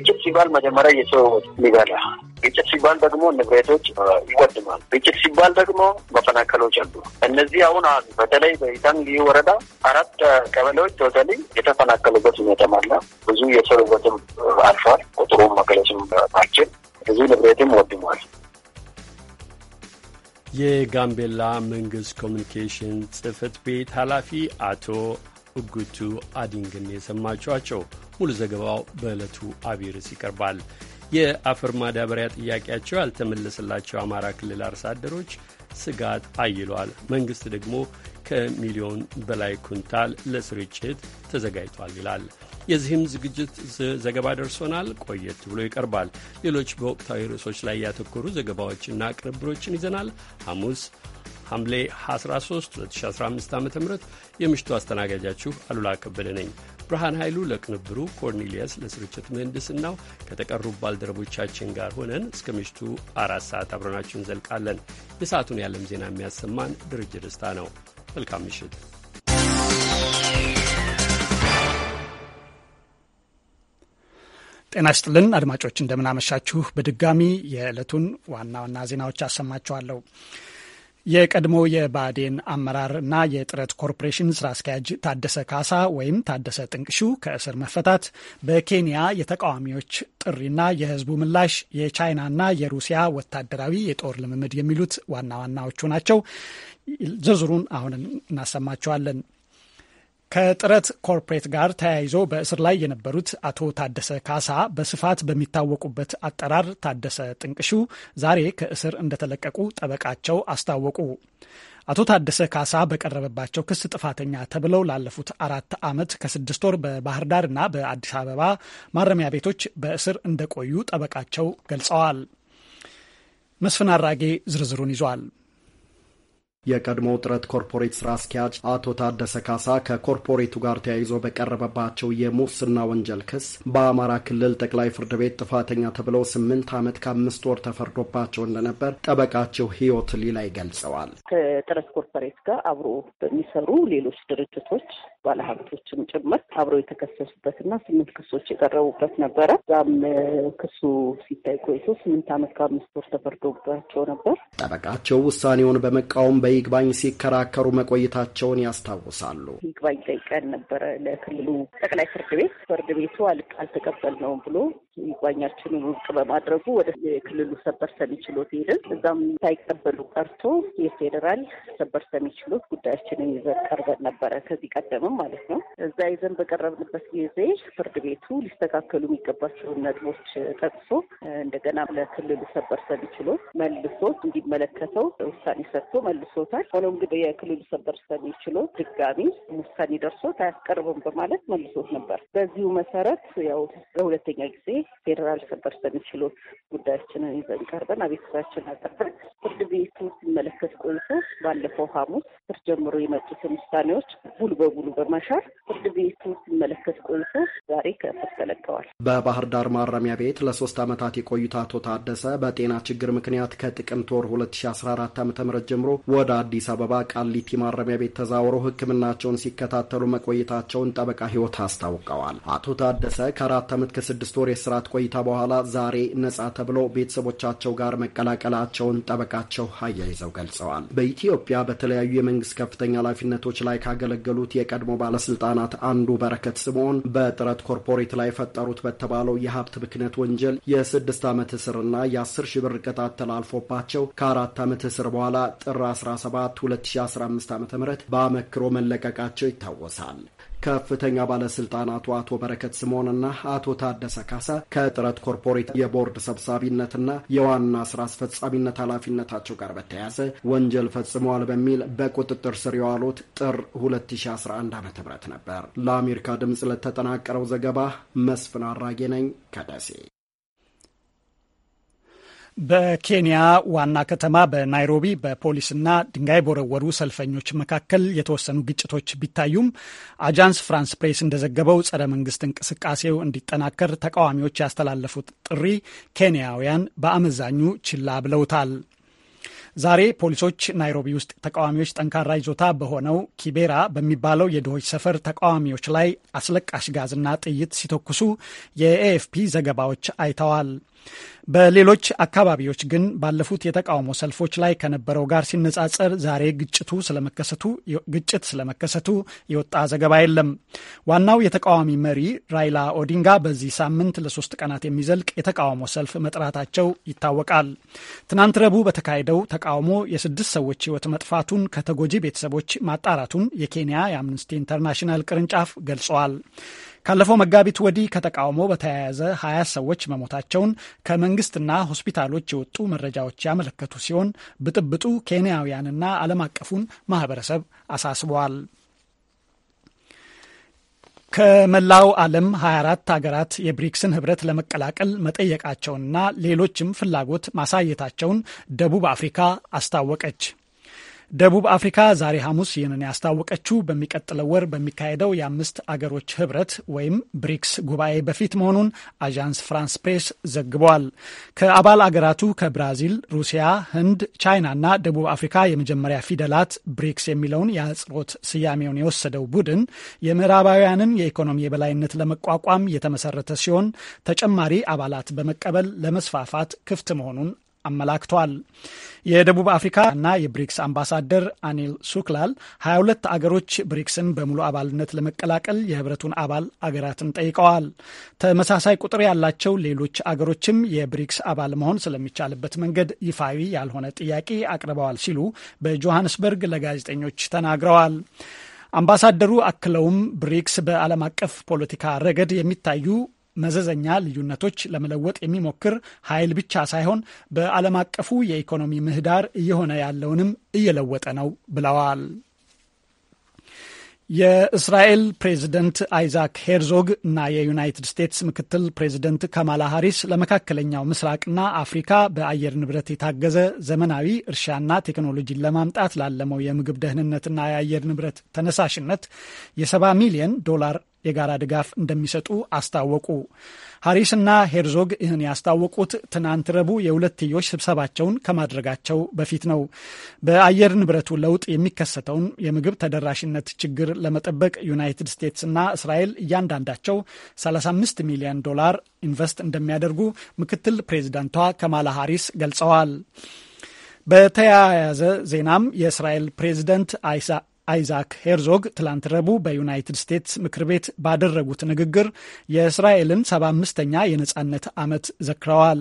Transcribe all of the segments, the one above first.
ግጭት ሲባል መጀመሪያ የሰው ሊበላ፣ ግጭት ሲባል ደግሞ ንብረቶች ይወድማል፣ ግጭት ሲባል ደግሞ መፈናቀሎች አሉ። እነዚህ አሁን አሉ። በተለይ በኢታን ልዩ ወረዳ አራት ቀበሌዎች ቶታሊ የተፈናቀሉበት ሁኔታም አለ። ብዙ የሰው ሕይወትም አልፏል። ቁጥሩም መግለጽም አልችል። ብዙ ንብረትም ወድሟል። የጋምቤላ መንግስት ኮሚኒኬሽን ጽህፈት ቤት ኃላፊ አቶ እጉቱ አዲንግን የሰማችኋቸው። ሙሉ ዘገባው በዕለቱ አቢርስ ይቀርባል። የአፈር ማዳበሪያ ጥያቄያቸው ያልተመለሰላቸው አማራ ክልል አርሶ አደሮች ስጋት አይሏል። መንግሥት ደግሞ ከሚሊዮን በላይ ኩንታል ለስርጭት ተዘጋጅቷል ይላል። የዚህም ዝግጅት ዘገባ ደርሶናል፣ ቆየት ብሎ ይቀርባል። ሌሎች በወቅታዊ ርዕሶች ላይ ያተኮሩ ዘገባዎችና ቅንብሮችን ይዘናል። ሐሙስ ሐምሌ 13 2015 ዓ ም የምሽቱ አስተናጋጃችሁ አሉላ ከበደ ነኝ። ብርሃን ኃይሉ ለቅንብሩ፣ ኮርኔሊየስ ለስርጭት ምህንድስናው ከተቀሩ ባልደረቦቻችን ጋር ሆነን እስከ ምሽቱ አራት ሰዓት አብረናችሁ እንዘልቃለን። የሰዓቱን የዓለም ዜና የሚያሰማን ድርጅ ደስታ ነው። መልካም ምሽት። ጤና ይስጥልን አድማጮች፣ እንደምናመሻችሁ። በድጋሚ የዕለቱን ዋና ዋና ዜናዎች አሰማችኋለሁ። የቀድሞ የባዴን አመራር እና የጥረት ኮርፖሬሽን ስራ አስኪያጅ ታደሰ ካሳ ወይም ታደሰ ጥንቅሹ ከእስር መፈታት በኬንያ የተቃዋሚዎች ጥሪና የህዝቡ ምላሽ፣ የቻይናና የሩሲያ ወታደራዊ የጦር ልምምድ የሚሉት ዋና ዋናዎቹ ናቸው። ዝርዝሩን አሁን እናሰማቸዋለን። ከጥረት ኮርፖሬት ጋር ተያይዞ በእስር ላይ የነበሩት አቶ ታደሰ ካሳ በስፋት በሚታወቁበት አጠራር ታደሰ ጥንቅሹ ዛሬ ከእስር እንደተለቀቁ ጠበቃቸው አስታወቁ። አቶ ታደሰ ካሳ በቀረበባቸው ክስ ጥፋተኛ ተብለው ላለፉት አራት ዓመት ከስድስት ወር በባህር ዳርና በአዲስ አበባ ማረሚያ ቤቶች በእስር እንደቆዩ ጠበቃቸው ገልጸዋል። መስፍን አራጌ ዝርዝሩን ይዟል። የቀድሞ ጥረት ኮርፖሬት ስራ አስኪያጅ አቶ ታደሰ ካሳ ከኮርፖሬቱ ጋር ተያይዞ በቀረበባቸው የሙስና ወንጀል ክስ በአማራ ክልል ጠቅላይ ፍርድ ቤት ጥፋተኛ ተብለው ስምንት ዓመት ከአምስት ወር ተፈርዶባቸው እንደነበር ጠበቃቸው ህይወት ሊላይ ገልጸዋል። ከጥረት ኮርፖሬት ጋር አብሮ በሚሰሩ ሌሎች ድርጅቶች ባለሀብቶችም ጭምር አብረው የተከሰሱበትና ስምንት ክሶች የቀረቡበት ነበረ። እዛም ክሱ ሲታይ ቆይቶ ስምንት ዓመት ከአምስት ወር ተፈርዶባቸው ነበር። ጠበቃቸው ውሳኔውን በመቃወም በይግባኝ ሲከራከሩ መቆየታቸውን ያስታውሳሉ። ይግባኝ ጠይቀን ነበረ ለክልሉ ጠቅላይ ፍርድ ቤት። ፍርድ ቤቱ ነው ብሎ ይግባኛችንን ውድቅ በማድረጉ ወደ የክልሉ ሰበር ሰሚ ችሎት ሄድን። እዛም ሳይቀበሉ ቀርቶ የፌዴራል ሰበር ሰሚ ችሎት ጉዳያችንን ይዘን ቀርበን ነበረ ከዚህ ቀደምም ማለት ነው። እዛ ይዘን በቀረብንበት ጊዜ ፍርድ ቤቱ ሊስተካከሉ የሚገባቸውን ነጥቦች ጠቅሶ እንደገና ለክልሉ ሰበር ሰሚ ችሎት መልሶ እንዲመለከተው ውሳኔ ሰጥቶ መልሶታል። ሆኖም ግን የክልሉ ሰበር ሰሚ ችሎት ድጋሚ ውሳኔ ደርሶት አያስቀርብም በማለት መልሶት ነበር። በዚሁ መሰረት ያው ለሁለተኛ ጊዜ ፌዴራል ሰበር ችሎት ጉዳያችንን ይዘን ቀርበን አቤቱታችን አቅርበን ፍርድ ቤቱ ሲመለከት ቆይቶ ባለፈው ሐሙስ ስር ጀምሮ የመጡትን ውሳኔዎች ሙሉ በሙሉ በማሻር ፍርድ ቤቱ ሲመለከት ቆይቶ ዛሬ ከእስር ተለቀዋል። በባህር ዳር ማረሚያ ቤት ለሶስት ዓመታት የቆዩት አቶ ታደሰ በጤና ችግር ምክንያት ከጥቅምት ወር 2014 ዓ ም ጀምሮ ወደ አዲስ አበባ ቃሊቲ ማረሚያ ቤት ተዛውረው ሕክምናቸውን ሲከታተሉ መቆየታቸውን ጠበቃ ህይወት አስታውቀዋል። አቶ ታደሰ ከአራት ዓመት ከስድስት ወር የስ የእስራት ቆይታ በኋላ ዛሬ ነጻ ተብሎ ቤተሰቦቻቸው ጋር መቀላቀላቸውን ጠበቃቸው አያይዘው ገልጸዋል። በኢትዮጵያ በተለያዩ የመንግስት ከፍተኛ ኃላፊነቶች ላይ ካገለገሉት የቀድሞ ባለስልጣናት አንዱ በረከት ስምዖን በጥረት ኮርፖሬት ላይ የፈጠሩት በተባለው የሀብት ብክነት ወንጀል የስድስት ዓመት እስርና የአስር ሺህ ብር ቅጣት ተላልፎባቸው ከአራት ዓመት እስር በኋላ ጥር 17 2015 ዓ ም በአመክሮ መለቀቃቸው ይታወሳል። ከፍተኛ ባለስልጣናቱ አቶ በረከት ስምዖንና አቶ ታደሰ ካሳ ከጥረት ኮርፖሬት የቦርድ ሰብሳቢነትና የዋና ስራ አስፈጻሚነት ኃላፊነታቸው ጋር በተያያዘ ወንጀል ፈጽመዋል በሚል በቁጥጥር ስር የዋሉት ጥር 2011 ዓ ም ነበር። ለአሜሪካ ድምፅ ለተጠናቀረው ዘገባ መስፍን አራጌ ነኝ ከደሴ። በኬንያ ዋና ከተማ በናይሮቢ በፖሊስና ድንጋይ በወረወሩ ሰልፈኞች መካከል የተወሰኑ ግጭቶች ቢታዩም አጃንስ ፍራንስ ፕሬስ እንደዘገበው ጸረ መንግስት እንቅስቃሴው እንዲጠናከር ተቃዋሚዎች ያስተላለፉት ጥሪ ኬንያውያን በአመዛኙ ችላ ብለውታል። ዛሬ ፖሊሶች ናይሮቢ ውስጥ ተቃዋሚዎች ጠንካራ ይዞታ በሆነው ኪቤራ በሚባለው የድሆች ሰፈር ተቃዋሚዎች ላይ አስለቃሽ ጋዝና ጥይት ሲተኩሱ የኤኤፍፒ ዘገባዎች አይተዋል። በሌሎች አካባቢዎች ግን ባለፉት የተቃውሞ ሰልፎች ላይ ከነበረው ጋር ሲነጻጸር ዛሬ ግጭቱ ስለመከሰቱ ግጭት ስለመከሰቱ የወጣ ዘገባ የለም። ዋናው የተቃዋሚ መሪ ራይላ ኦዲንጋ በዚህ ሳምንት ለሶስት ቀናት የሚዘልቅ የተቃውሞ ሰልፍ መጥራታቸው ይታወቃል። ትናንት ረቡዕ በተካሄደው ተቃውሞ የስድስት ሰዎች ሕይወት መጥፋቱን ከተጎጂ ቤተሰቦች ማጣራቱን የኬንያ የአምነስቲ ኢንተርናሽናል ቅርንጫፍ ገልጸዋል። ካለፈው መጋቢት ወዲህ ከተቃውሞ በተያያዘ ሀያ ሰዎች መሞታቸውን ከመንግስትና ሆስፒታሎች የወጡ መረጃዎች ያመለከቱ ሲሆን ብጥብጡ ኬንያውያንና ዓለም አቀፉን ማህበረሰብ አሳስበዋል። ከመላው ዓለም 24 ሀገራት የብሪክስን ህብረት ለመቀላቀል መጠየቃቸውንና ሌሎችም ፍላጎት ማሳየታቸውን ደቡብ አፍሪካ አስታወቀች። ደቡብ አፍሪካ ዛሬ ሐሙስ ይህንን ያስታወቀችው በሚቀጥለው ወር በሚካሄደው የአምስት አገሮች ህብረት ወይም ብሪክስ ጉባኤ በፊት መሆኑን አዣንስ ፍራንስ ፕሬስ ዘግቧል። ከአባል አገራቱ ከብራዚል፣ ሩሲያ፣ ህንድ፣ ቻይና እና ደቡብ አፍሪካ የመጀመሪያ ፊደላት ብሪክስ የሚለውን የአጽሮት ስያሜውን የወሰደው ቡድን የምዕራባውያንን የኢኮኖሚ የበላይነት ለመቋቋም የተመሰረተ ሲሆን ተጨማሪ አባላት በመቀበል ለመስፋፋት ክፍት መሆኑን አመላክቷል። የደቡብ አፍሪካ እና የብሪክስ አምባሳደር አኒል ሱክላል 22 አገሮች ብሪክስን በሙሉ አባልነት ለመቀላቀል የህብረቱን አባል አገራትን ጠይቀዋል። ተመሳሳይ ቁጥር ያላቸው ሌሎች አገሮችም የብሪክስ አባል መሆን ስለሚቻልበት መንገድ ይፋዊ ያልሆነ ጥያቄ አቅርበዋል ሲሉ በጆሃንስበርግ ለጋዜጠኞች ተናግረዋል። አምባሳደሩ አክለውም ብሪክስ በዓለም አቀፍ ፖለቲካ ረገድ የሚታዩ መዘዘኛ ልዩነቶች ለመለወጥ የሚሞክር ኃይል ብቻ ሳይሆን በዓለም አቀፉ የኢኮኖሚ ምህዳር እየሆነ ያለውንም እየለወጠ ነው ብለዋል። የእስራኤል ፕሬዝደንት አይዛክ ሄርዞግ እና የዩናይትድ ስቴትስ ምክትል ፕሬዝደንት ከማላ ሀሪስ ለመካከለኛው ምስራቅና አፍሪካ በአየር ንብረት የታገዘ ዘመናዊ እርሻና ቴክኖሎጂን ለማምጣት ላለመው የምግብ ደህንነትና የአየር ንብረት ተነሳሽነት የሰባ ሚሊየን ዶላር የጋራ ድጋፍ እንደሚሰጡ አስታወቁ። ሀሪስና ሄርዞግ ይህን ያስታወቁት ትናንት ረቡዕ የሁለትዮሽ ስብሰባቸውን ከማድረጋቸው በፊት ነው። በአየር ንብረቱ ለውጥ የሚከሰተውን የምግብ ተደራሽነት ችግር ለመጠበቅ ዩናይትድ ና እስራኤል እያንዳንዳቸው 35 ሚሊዮን ዶላር ኢንቨስት እንደሚያደርጉ ምክትል ፕሬዚዳንቷ ከማላ ሀሪስ ገልጸዋል። በተያያዘ ዜናም የእስራኤል ፕሬዚደንት አይዛክ ሄርዞግ ትላንት ረቡዕ በዩናይትድ ስቴትስ ምክር ቤት ባደረጉት ንግግር የእስራኤልን 75ኛ የነጻነት ዓመት ዘክረዋል።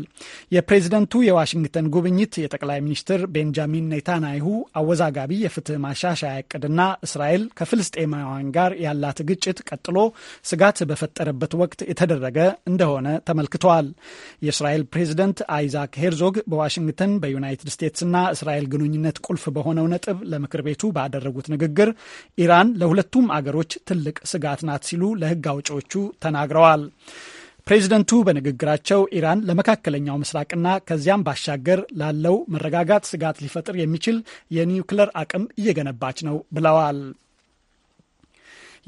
የፕሬዝደንቱ የዋሽንግተን ጉብኝት የጠቅላይ ሚኒስትር ቤንጃሚን ኔታናይሁ አወዛጋቢ የፍትህ ማሻሻያ እቅድና እስራኤል ከፍልስጤማውያን ጋር ያላት ግጭት ቀጥሎ ስጋት በፈጠረበት ወቅት የተደረገ እንደሆነ ተመልክተዋል። የእስራኤል ፕሬዝደንት አይዛክ ሄርዞግ በዋሽንግተን በዩናይትድ ስቴትስና እስራኤል ግንኙነት ቁልፍ በሆነው ነጥብ ለምክር ቤቱ ባደረጉት ንግግር ችግር ኢራን ለሁለቱም አገሮች ትልቅ ስጋት ናት ሲሉ ለህግ አውጪዎቹ ተናግረዋል። ፕሬዚደንቱ በንግግራቸው ኢራን ለመካከለኛው ምስራቅና ከዚያም ባሻገር ላለው መረጋጋት ስጋት ሊፈጥር የሚችል የኒውክለር አቅም እየገነባች ነው ብለዋል።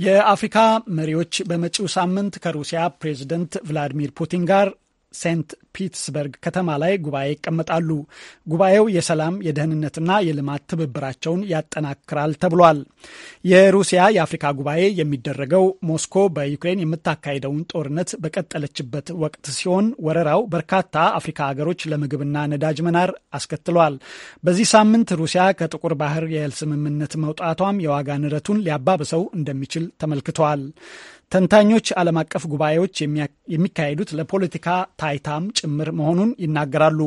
የአፍሪካ መሪዎች በመጪው ሳምንት ከሩሲያ ፕሬዚደንት ቭላዲሚር ፑቲን ጋር ሴንት ፒትስበርግ ከተማ ላይ ጉባኤ ይቀመጣሉ። ጉባኤው የሰላም የደህንነትና የልማት ትብብራቸውን ያጠናክራል ተብሏል። የሩሲያ የአፍሪካ ጉባኤ የሚደረገው ሞስኮ በዩክሬን የምታካሄደውን ጦርነት በቀጠለችበት ወቅት ሲሆን ወረራው በርካታ አፍሪካ ሀገሮች ለምግብና ነዳጅ መናር አስከትሏል። በዚህ ሳምንት ሩሲያ ከጥቁር ባህር የእህል ስምምነት መውጣቷም የዋጋ ንረቱን ሊያባብሰው እንደሚችል ተመልክቷል። ተንታኞች ዓለም አቀፍ ጉባኤዎች የሚካሄዱት ለፖለቲካ ታይታም ጭምር መሆኑን ይናገራሉ።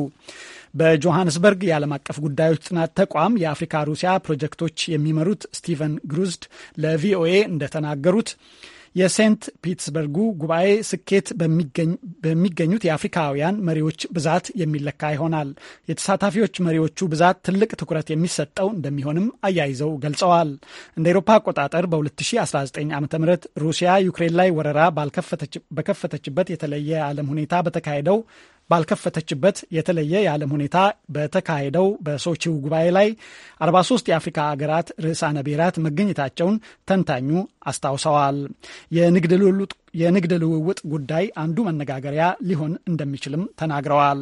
በጆሃንስበርግ የዓለም አቀፍ ጉዳዮች ጥናት ተቋም የአፍሪካ ሩሲያ ፕሮጀክቶች የሚመሩት ስቲቨን ግሩዝድ ለቪኦኤ እንደተናገሩት የሴንት ፒትስበርጉ ጉባኤ ስኬት በሚገኙት የአፍሪካውያን መሪዎች ብዛት የሚለካ ይሆናል። የተሳታፊዎች መሪዎቹ ብዛት ትልቅ ትኩረት የሚሰጠው እንደሚሆንም አያይዘው ገልጸዋል። እንደ ኤሮፓ አቆጣጠር በ2019 ዓ ም ሩሲያ ዩክሬን ላይ ወረራ በከፈተችበት የተለየ ዓለም ሁኔታ በተካሄደው ባልከፈተችበት የተለየ የዓለም ሁኔታ በተካሄደው በሶቺው ጉባኤ ላይ 43 የአፍሪካ አገራት ርዕሳነ ብሔራት መገኘታቸውን ተንታኙ አስታውሰዋል። የንግድ ልውውጥ ጉዳይ አንዱ መነጋገሪያ ሊሆን እንደሚችልም ተናግረዋል።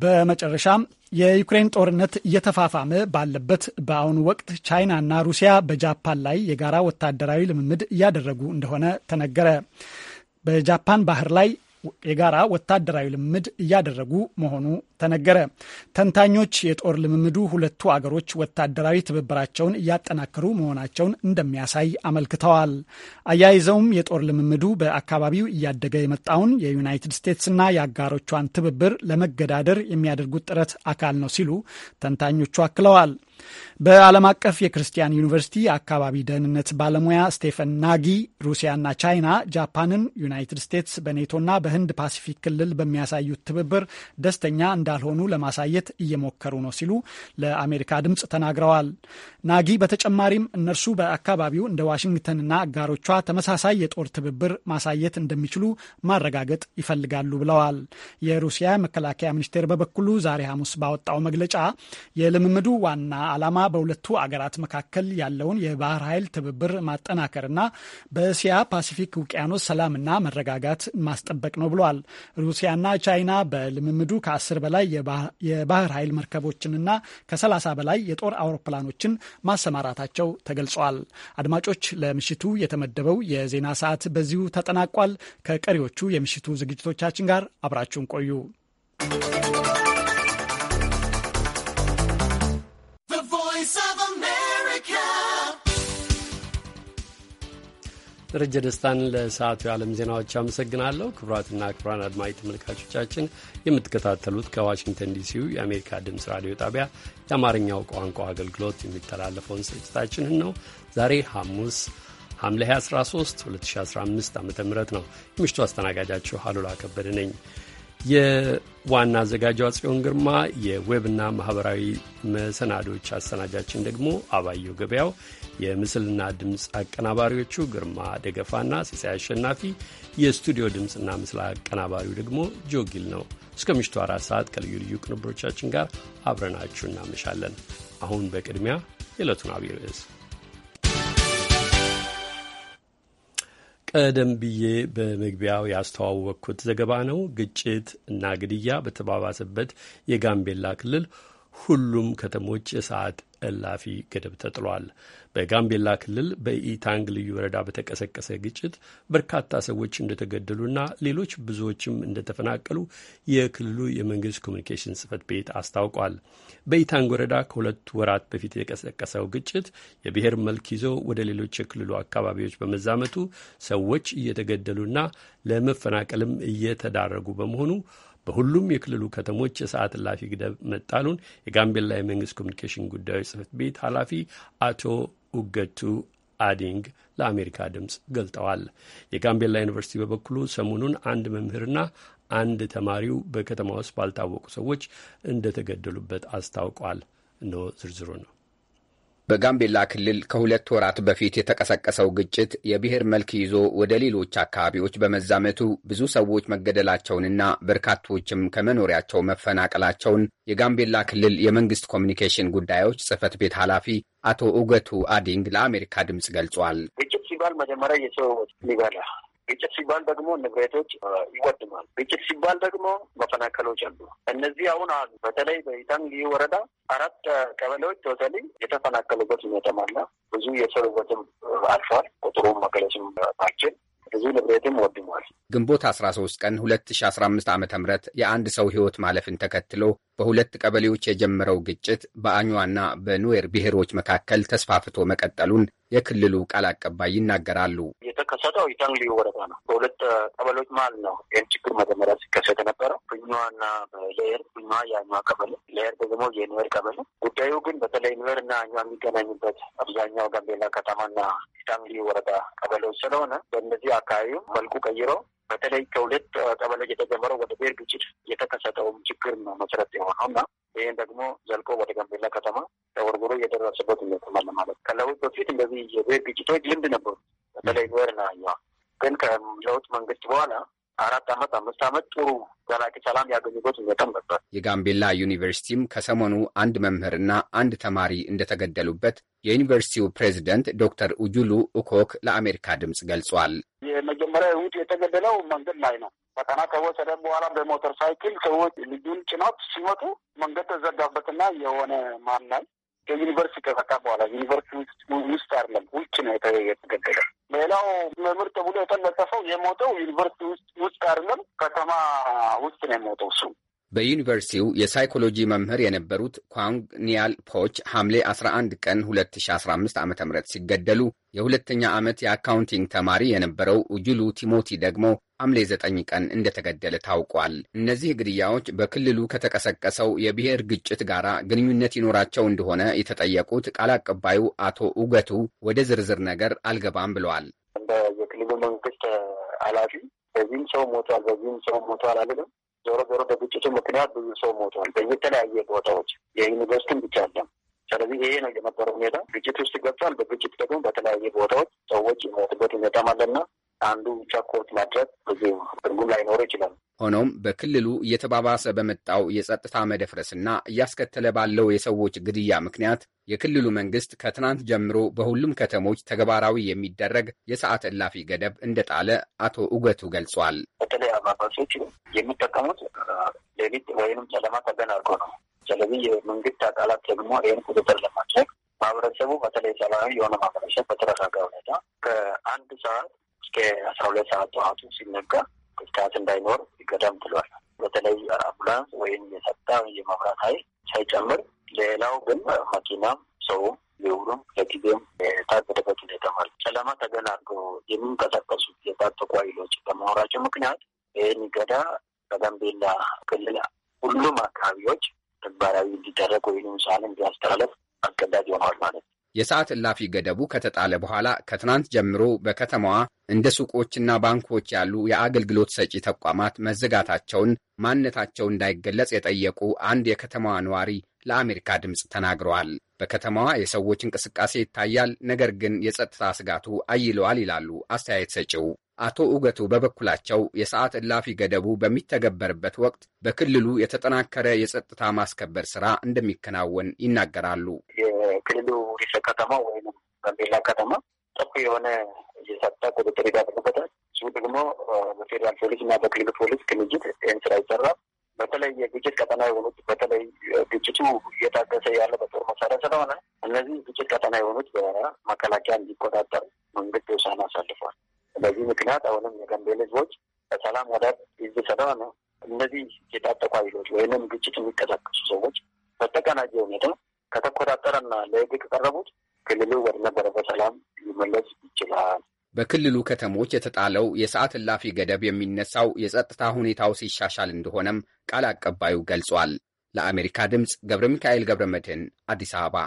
በመጨረሻም የዩክሬን ጦርነት እየተፋፋመ ባለበት በአሁኑ ወቅት ቻይናና ሩሲያ በጃፓን ላይ የጋራ ወታደራዊ ልምምድ እያደረጉ እንደሆነ ተነገረ። በጃፓን ባህር ላይ የጋራ ወታደራዊ ልምምድ እያደረጉ መሆኑ ተነገረ። ተንታኞች የጦር ልምምዱ ሁለቱ አገሮች ወታደራዊ ትብብራቸውን እያጠናከሩ መሆናቸውን እንደሚያሳይ አመልክተዋል። አያይዘውም የጦር ልምምዱ በአካባቢው እያደገ የመጣውን የዩናይትድ ስቴትስና የአጋሮቿን ትብብር ለመገዳደር የሚያደርጉት ጥረት አካል ነው ሲሉ ተንታኞቹ አክለዋል። በዓለም አቀፍ የክርስቲያን ዩኒቨርሲቲ አካባቢ ደህንነት ባለሙያ ስቴፈን ናጊ ሩሲያና ቻይና ጃፓንን ዩናይትድ ስቴትስ በኔቶና በህንድ ፓሲፊክ ክልል በሚያሳዩት ትብብር ደስተኛ እንዳልሆኑ ለማሳየት እየሞከሩ ነው ሲሉ ለአሜሪካ ድምፅ ተናግረዋል። ናጊ በተጨማሪም እነርሱ በአካባቢው እንደ ዋሽንግተንና አጋሮቿ ተመሳሳይ የጦር ትብብር ማሳየት እንደሚችሉ ማረጋገጥ ይፈልጋሉ ብለዋል። የሩሲያ መከላከያ ሚኒስቴር በበኩሉ ዛሬ ሐሙስ ባወጣው መግለጫ የልምምዱ ዋና ዓላማ በሁለቱ አገራት መካከል ያለውን የባህር ኃይል ትብብር ማጠናከርና በእስያ ፓሲፊክ ውቅያኖስ ሰላምና መረጋጋት ማስጠበቅ ነው ብለዋል። ሩሲያና ቻይና በልምምዱ ከአስር በላይ የባህር ኃይል መርከቦችንና ከ30 በላይ የጦር አውሮፕላኖችን ማሰማራታቸው ተገልጿል። አድማጮች፣ ለምሽቱ የተመደበው የዜና ሰዓት በዚሁ ተጠናቋል። ከቀሪዎቹ የምሽቱ ዝግጅቶቻችን ጋር አብራችሁን ቆዩ። ደረጀ ደስታን ለሰዓቱ የዓለም ዜናዎች አመሰግናለሁ። ክቡራትና ክቡራን አድማጭ ተመልካቾቻችን የምትከታተሉት ከዋሽንግተን ዲሲው የአሜሪካ ድምፅ ራዲዮ ጣቢያ የአማርኛው ቋንቋ አገልግሎት የሚተላለፈውን ስርጭታችንን ነው። ዛሬ ሐሙስ ሐምሌ 13 2015 ዓ ም ነው። የምሽቱ አስተናጋጃችሁ አሉላ ከበደ ነኝ። የዋና አዘጋጇ ጽዮን ግርማ፣ የዌብና ማኅበራዊ መሰናዶች አሰናጃችን ደግሞ አባየው ገበያው የምስልና ድምፅ አቀናባሪዎቹ ግርማ ደገፋና ሲሳይ አሸናፊ፣ የስቱዲዮ ድምፅና ምስል አቀናባሪው ደግሞ ጆጊል ነው። እስከ ምሽቱ አራት ሰዓት ከልዩ ልዩ ቅንብሮቻችን ጋር አብረናችሁ እናመሻለን። አሁን በቅድሚያ የዕለቱን አብይ ርዕስ ቀደም ብዬ በመግቢያው ያስተዋወቅኩት ዘገባ ነው። ግጭት እና ግድያ በተባባሰበት የጋምቤላ ክልል ሁሉም ከተሞች የሰዓት እላፊ ገደብ ተጥሏል። በጋምቤላ ክልል በኢታንግ ልዩ ወረዳ በተቀሰቀሰ ግጭት በርካታ ሰዎች እንደተገደሉና ሌሎች ብዙዎችም እንደተፈናቀሉ የክልሉ የመንግስት ኮሚኒኬሽን ጽህፈት ቤት አስታውቋል። በኢታንግ ወረዳ ከሁለት ወራት በፊት የቀሰቀሰው ግጭት የብሔር መልክ ይዞ ወደ ሌሎች የክልሉ አካባቢዎች በመዛመቱ ሰዎች እየተገደሉና ለመፈናቀልም እየተዳረጉ በመሆኑ በሁሉም የክልሉ ከተሞች የሰዓት እላፊ ገደብ መጣሉን የጋምቤላ የመንግስት ኮሚኒኬሽን ጉዳዮች ጽህፈት ቤት ኃላፊ አቶ ኡገቱ አዲንግ ለአሜሪካ ድምፅ ገልጠዋል። የጋምቤላ ዩኒቨርሲቲ በበኩሉ ሰሞኑን አንድ መምህርና አንድ ተማሪው በከተማ ውስጥ ባልታወቁ ሰዎች እንደተገደሉበት አስታውቋል። እነሆ ዝርዝሩ ነው። በጋምቤላ ክልል ከሁለት ወራት በፊት የተቀሰቀሰው ግጭት የብሔር መልክ ይዞ ወደ ሌሎች አካባቢዎች በመዛመቱ ብዙ ሰዎች መገደላቸውንና በርካቶችም ከመኖሪያቸው መፈናቀላቸውን የጋምቤላ ክልል የመንግስት ኮሚኒኬሽን ጉዳዮች ጽህፈት ቤት ኃላፊ አቶ ኡገቱ አዲንግ ለአሜሪካ ድምፅ ገልጿል። ግጭት ሲባል መጀመሪያ የሰው ሊበላ ግጭት ሲባል ደግሞ ንብረቶች ይወድማል። ግጭት ሲባል ደግሞ መፈናቀሎች አሉ። እነዚህ አሁን አሉ። በተለይ በኢታንግ ወረዳ አራት ቀበሌዎች ቶታሊ የተፈናቀሉበት ሁኔታም አለ። ብዙ የሰው አልፏል። ቁጥሩን መግለጽም ባልችል ብዙ ንብረትም ወድሟል። ግንቦት 13 ቀን 2015 ዓ ም የአንድ ሰው ህይወት ማለፍን ተከትሎ በሁለት ቀበሌዎች የጀመረው ግጭት በአኟና በኑዌር ብሔሮች መካከል ተስፋፍቶ መቀጠሉን የክልሉ ቃል አቀባይ ይናገራሉ። የተከሰተው ኢታንግ ወረዳ ነው። በሁለት ቀበሌዎች መሀል ነው ይህን ችግር መጀመሪያ ሲከሰት የነበረው ቡኝዋና በሌየር ቡኝዋ የአኟ ቀበሌ፣ ሌየር ደግሞ የኑዌር ቀበሌ። ጉዳዩ ግን በተለይ ኑዌር እና አኟ የሚገናኙበት አብዛኛው ጋምቤላ ከተማና ኢታንግ ወረዳ ቀበሌዎች ስለሆነ በእነዚህ አካባቢው መልኩ ቀይረው በተለይ ከሁለት ቀበሌ የተጀመረው ወደ ብሔር ግጭት የተከሰተውም ችግር ነው መሰረት የሆነው እና ይህን ደግሞ ዘልቆ ወደ ጋምቤላ ከተማ ተወርጉሮ የደረሰበት ይመጠማል ማለት ከለውጥ በፊት እንደዚህ የብሔር ግጭቶች ልምድ ነበሩ። በተለይ ወር አኝዋ ግን ከለውጥ መንግስት በኋላ አራት ዓመት አምስት ዓመት ጥሩ ዘላቂ ሰላም ያገኙበት ሁኔታም ነበር። የጋምቤላ ዩኒቨርሲቲም ከሰሞኑ አንድ መምህርና አንድ ተማሪ እንደተገደሉበት የዩኒቨርሲቲው ፕሬዚደንት ዶክተር ኡጁሉ ኡኮክ ለአሜሪካ ድምፅ ገልጿል። መጀመሪያ ይሁድ የተገደለው መንገድ ላይ ነው። ፈተና ከወሰደ በኋላ በሞተር ሳይክል ሰዎች ልጁን ጭኖት ሲመጡ መንገድ ተዘጋበትና የሆነ ማን ላይ ከዩኒቨርሲቲ ከዘጋ በኋላ ዩኒቨርሲቲ ውስጥ አይደለም ውጭ ነው የተገደለ። ሌላው መምህር ተብሎ የተለጠፈው የሞተው ዩኒቨርሲቲ ውስጥ አይደለም ከተማ ውስጥ ነው የሞተው እሱ። በዩኒቨርሲቲው የሳይኮሎጂ መምህር የነበሩት ኳንግ ኒያል ፖች ሐምሌ 11 ቀን 2015 ዓ ም ሲገደሉ የሁለተኛ ዓመት የአካውንቲንግ ተማሪ የነበረው ኡጁሉ ቲሞቲ ደግሞ ሐምሌ ዘጠኝ ቀን እንደተገደለ ታውቋል። እነዚህ ግድያዎች በክልሉ ከተቀሰቀሰው የብሔር ግጭት ጋር ግንኙነት ይኖራቸው እንደሆነ የተጠየቁት ቃል አቀባዩ አቶ ኡገቱ ወደ ዝርዝር ነገር አልገባም ብለዋል። እንደ የክልሉ መንግስት ኃላፊ በዚህም ሰው ሞቷል፣ በዚህም ሰው ሞቷል አልልም። ዞሮ ዞሮ በግጭቱ ምክንያት ብዙ ሰው ሞቷል በየተለያየ ቦታዎች የዩኒቨርስቲም ብቻ አለም ስለዚህ ይሄ ነው የነበረው ሁኔታ። ግጭት ውስጥ ገብቷል። በግጭት ደግሞ በተለያየ ቦታዎች ሰዎች የሞትበት ሁኔታ አለና አንዱ ብቻ ኮት ማድረግ ብዙ ትርጉም ላይኖረው ይችላል። ሆኖም በክልሉ እየተባባሰ በመጣው የጸጥታ መደፍረስና እያስከተለ ባለው የሰዎች ግድያ ምክንያት የክልሉ መንግስት ከትናንት ጀምሮ በሁሉም ከተሞች ተግባራዊ የሚደረግ የሰዓት እላፊ ገደብ እንደጣለ አቶ ኡገቱ ገልጿል። በተለይ አባባሶች የሚጠቀሙት ሌሊት ወይንም ጨለማ ተገን አድርጎ ነው ስለዚህ የመንግስት አካላት ደግሞ ይህን ቁጥጥር ለማድረግ ማህበረሰቡ በተለይ ሰላማዊ የሆነ ማህበረሰብ በተረጋጋ ሁኔታ ከአንድ ሰዓት እስከ አስራ ሁለት ሰዓት ጠዋቱ ሲነጋ ቅስቃሴ እንዳይኖር ይገዳም ብሏል። በተለይ አምቡላንስ ወይም የሰጣ የመብራት ኃይል ሳይጨምር፣ ሌላው ግን መኪናም ሰውም ቢውሩም ለጊዜም የታገደበት ሁኔታ ማለት ጨለማ ተገን አድርጎ የሚንቀሳቀሱ የታጠቁ ኃይሎች በመኖራቸው ምክንያት ይህን ይገዳ በጋምቤላ ክልል ሁሉም አካባቢዎች ተግባራዊ እንዲደረግ ወይም ውሳኔ እንዲያስተላለፍ አስገዳጅ ሆኗል ማለት ነው። የሰዓት እላፊ ገደቡ ከተጣለ በኋላ ከትናንት ጀምሮ በከተማዋ እንደ ሱቆችና ባንኮች ያሉ የአገልግሎት ሰጪ ተቋማት መዘጋታቸውን ማንነታቸው እንዳይገለጽ የጠየቁ አንድ የከተማዋ ነዋሪ ለአሜሪካ ድምፅ ተናግረዋል። በከተማዋ የሰዎች እንቅስቃሴ ይታያል፣ ነገር ግን የጸጥታ ስጋቱ አይለዋል ይላሉ አስተያየት ሰጪው። አቶ ኡገቱ በበኩላቸው የሰዓት እላፊ ገደቡ በሚተገበርበት ወቅት በክልሉ የተጠናከረ የጸጥታ ማስከበር ስራ እንደሚከናወን ይናገራሉ። የክልሉ ሪሰ ከተማ ወይም ጋምቤላ ከተማ ጥብቅ የሆነ የጸጥታ ቁጥጥር ይደረግበታል። እሱ ደግሞ በፌዴራል ፖሊስ እና በክልሉ ፖሊስ ቅንጅት ይህን ስራ ይሰራል። በተለይ የግጭት ቀጠና የሆኑት በተለይ ግጭቱ እየታገሰ ያለ በጦር መሳሪያ ስለሆነ እነዚህ ግጭት ቀጠና የሆኑት በመከላከያ እንዲቆጣጠር መንግስት ውሳኔ አሳልፏል። በዚህ ምክንያት አሁንም የጋምቤላ ህዝቦች በሰላም ወዳድ ህዝብ ስለሆነ እነዚህ የታጠቁ ኃይሎች ወይም ግጭት የሚቀሳቀሱ ሰዎች በተቀናጀ ሁኔታ ከተቆጣጠረና ለህግ ከቀረቡት ክልሉ ወደነበረ በሰላም ሊመለስ ይችላል። በክልሉ ከተሞች የተጣለው የሰዓት እላፊ ገደብ የሚነሳው የጸጥታ ሁኔታው ሲሻሻል እንደሆነም ቃል አቀባዩ ገልጿል። ለአሜሪካ ድምፅ ገብረ ሚካኤል ገብረ መድህን አዲስ አበባ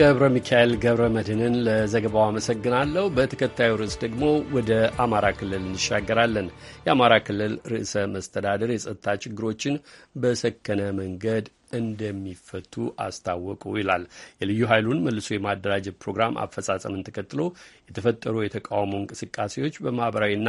ገብረ ሚካኤል ገብረ መድህንን ለዘገባው አመሰግናለሁ። በተከታዩ ርዕስ ደግሞ ወደ አማራ ክልል እንሻገራለን። የአማራ ክልል ርዕሰ መስተዳድር የጸጥታ ችግሮችን በሰከነ መንገድ እንደሚፈቱ አስታወቁ ይላል። የልዩ ኃይሉን መልሶ የማደራጀት ፕሮግራም አፈጻጸምን ተከትሎ የተፈጠሩ የተቃውሞ እንቅስቃሴዎች በማኅበራዊና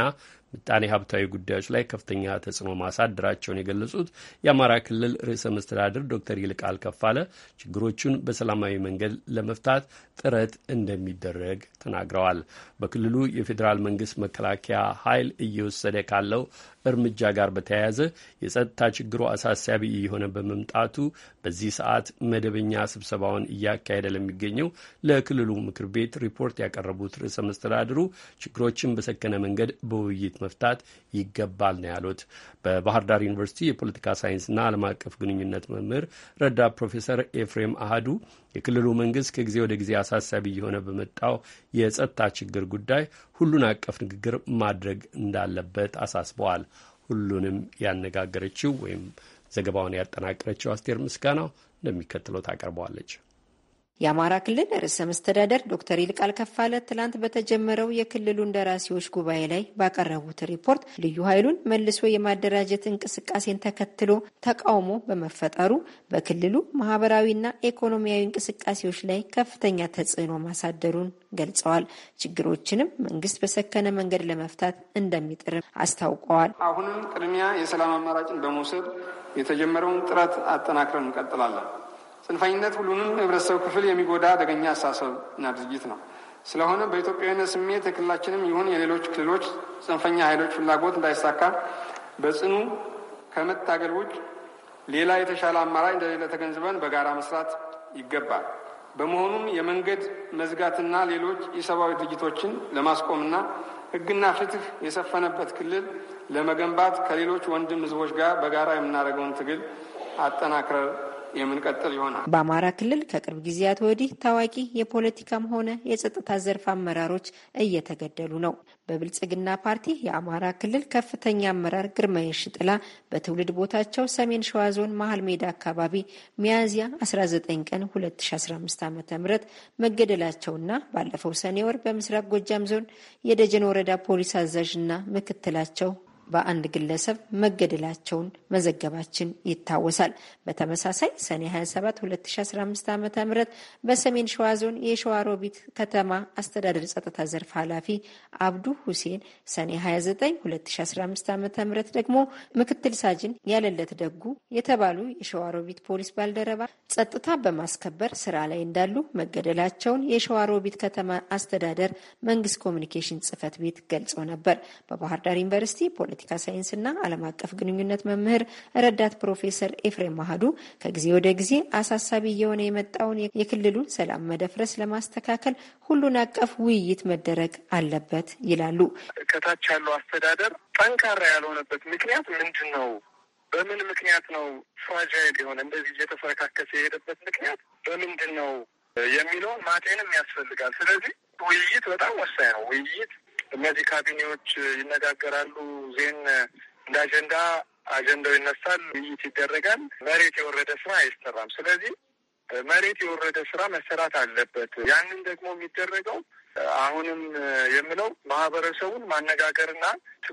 ምጣኔ ሀብታዊ ጉዳዮች ላይ ከፍተኛ ተጽዕኖ ማሳደራቸውን የገለጹት የአማራ ክልል ርዕሰ መስተዳድር ዶክተር ይልቃል ከፋለ ችግሮቹን በሰላማዊ መንገድ ለመፍታት ጥረት እንደሚደረግ ተናግረዋል። በክልሉ የፌዴራል መንግስት መከላከያ ኃይል እየወሰደ ካለው እርምጃ ጋር በተያያዘ የጸጥታ ችግሩ አሳሳቢ እየሆነ በመምጣቱ በዚህ ሰዓት መደበኛ ስብሰባውን እያካሄደ ለሚገኘው ለክልሉ ምክር ቤት ሪፖርት ያቀረቡት ርዕሰ መስተዳድሩ ችግሮችን በሰከነ መንገድ በውይይት መፍታት ይገባል ነው ያሉት። በባህር ዳር ዩኒቨርሲቲ የፖለቲካ ሳይንስና ዓለም አቀፍ ግንኙነት መምህር ረዳ ፕሮፌሰር ኤፍሬም አህዱ የክልሉ መንግስት ከጊዜ ወደ ጊዜ አሳሳቢ እየሆነ በመጣው የጸጥታ ችግር ጉዳይ ሁሉን አቀፍ ንግግር ማድረግ እንዳለበት አሳስበዋል። ሁሉንም ያነጋገረችው ወይም ዘገባውን ያጠናቀረችው አስቴር ምስጋናው እንደሚከተለው ታቀርበዋለች። የአማራ ክልል ርዕሰ መስተዳደር ዶክተር ይልቃል ከፋለ ትላንት በተጀመረው የክልሉ እንደራሴዎች ጉባኤ ላይ ባቀረቡት ሪፖርት ልዩ ኃይሉን መልሶ የማደራጀት እንቅስቃሴን ተከትሎ ተቃውሞ በመፈጠሩ በክልሉ ማህበራዊና ኢኮኖሚያዊ እንቅስቃሴዎች ላይ ከፍተኛ ተጽዕኖ ማሳደሩን ገልጸዋል። ችግሮችንም መንግስት በሰከነ መንገድ ለመፍታት እንደሚጥርም አስታውቀዋል። አሁንም ቅድሚያ የሰላም አማራጭን በመውሰድ የተጀመረውን ጥረት አጠናክረን እንቀጥላለን። ጽንፈኝነት ሁሉንም ህብረተሰብ ክፍል የሚጎዳ አደገኛ አሳሰብ ድርጅት ነው። ስለሆነ በኢትዮጵያዊነት ስሜት የክልላችንም ይሁን የሌሎች ክልሎች ጽንፈኛ ኃይሎች ፍላጎት እንዳይሳካ በጽኑ ከመታገል ውጭ ሌላ የተሻለ አማራጭ እንደሌለ ተገንዝበን በጋራ መስራት ይገባል። በመሆኑም የመንገድ መዝጋትና ሌሎች ኢሰብአዊ ድርጊቶችን ለማስቆምና ህግና ፍትህ የሰፈነበት ክልል ለመገንባት ከሌሎች ወንድም ህዝቦች ጋር በጋራ የምናደርገውን ትግል አጠናክረን የምንቀጥል ይሆናል። በአማራ ክልል ከቅርብ ጊዜያት ወዲህ ታዋቂ የፖለቲካም ሆነ የጸጥታ ዘርፍ አመራሮች እየተገደሉ ነው። በብልጽግና ፓርቲ የአማራ ክልል ከፍተኛ አመራር ግርማዬ ሽጥላ በትውልድ ቦታቸው ሰሜን ሸዋ ዞን መሀል ሜዳ አካባቢ ሚያዝያ 19 ቀን 2015 ዓ ም መገደላቸውና ባለፈው ሰኔ ወር በምስራቅ ጎጃም ዞን የደጀን ወረዳ ፖሊስ አዛዥና ምክትላቸው በአንድ ግለሰብ መገደላቸውን መዘገባችን ይታወሳል። በተመሳሳይ ሰኔ 27 2015 ዓ ም በሰሜን ሸዋ ዞን የሸዋሮቢት ከተማ አስተዳደር ጸጥታ ዘርፍ ኃላፊ አብዱ ሁሴን፣ ሰኔ 29 2015 ዓ ም ደግሞ ምክትል ሳጅን ያለለት ደጉ የተባሉ የሸዋሮቢት ፖሊስ ባልደረባ ጸጥታ በማስከበር ስራ ላይ እንዳሉ መገደላቸውን የሸዋሮቢት ከተማ አስተዳደር መንግስት ኮሚኒኬሽን ጽህፈት ቤት ገልጾ ነበር። በባህር ዳር ዩኒቨርሲቲ የፖለቲካ ሳይንስና ዓለም አቀፍ ግንኙነት መምህር ረዳት ፕሮፌሰር ኤፍሬም ማህዱ ከጊዜ ወደ ጊዜ አሳሳቢ እየሆነ የመጣውን የክልሉን ሰላም መደፍረስ ለማስተካከል ሁሉን አቀፍ ውይይት መደረግ አለበት ይላሉ። ከታች ያለው አስተዳደር ጠንካራ ያልሆነበት ምክንያት ምንድን ነው? በምን ምክንያት ነው ፍራጃይል የሆነ እንደዚህ እየተፈረካከሰ የሄደበት ምክንያት በምንድን ነው የሚለውን ማጤንም ያስፈልጋል። ስለዚህ ውይይት በጣም ወሳኝ ነው። ውይይት እነዚህ ካቢኔዎች ይነጋገራሉ። ዜን እንደ አጀንዳ አጀንዳው ይነሳል፣ ውይይት ይደረጋል። መሬት የወረደ ስራ አይሰራም። ስለዚህ መሬት የወረደ ስራ መሰራት አለበት። ያንን ደግሞ የሚደረገው አሁንም የምለው ማህበረሰቡን ማነጋገርና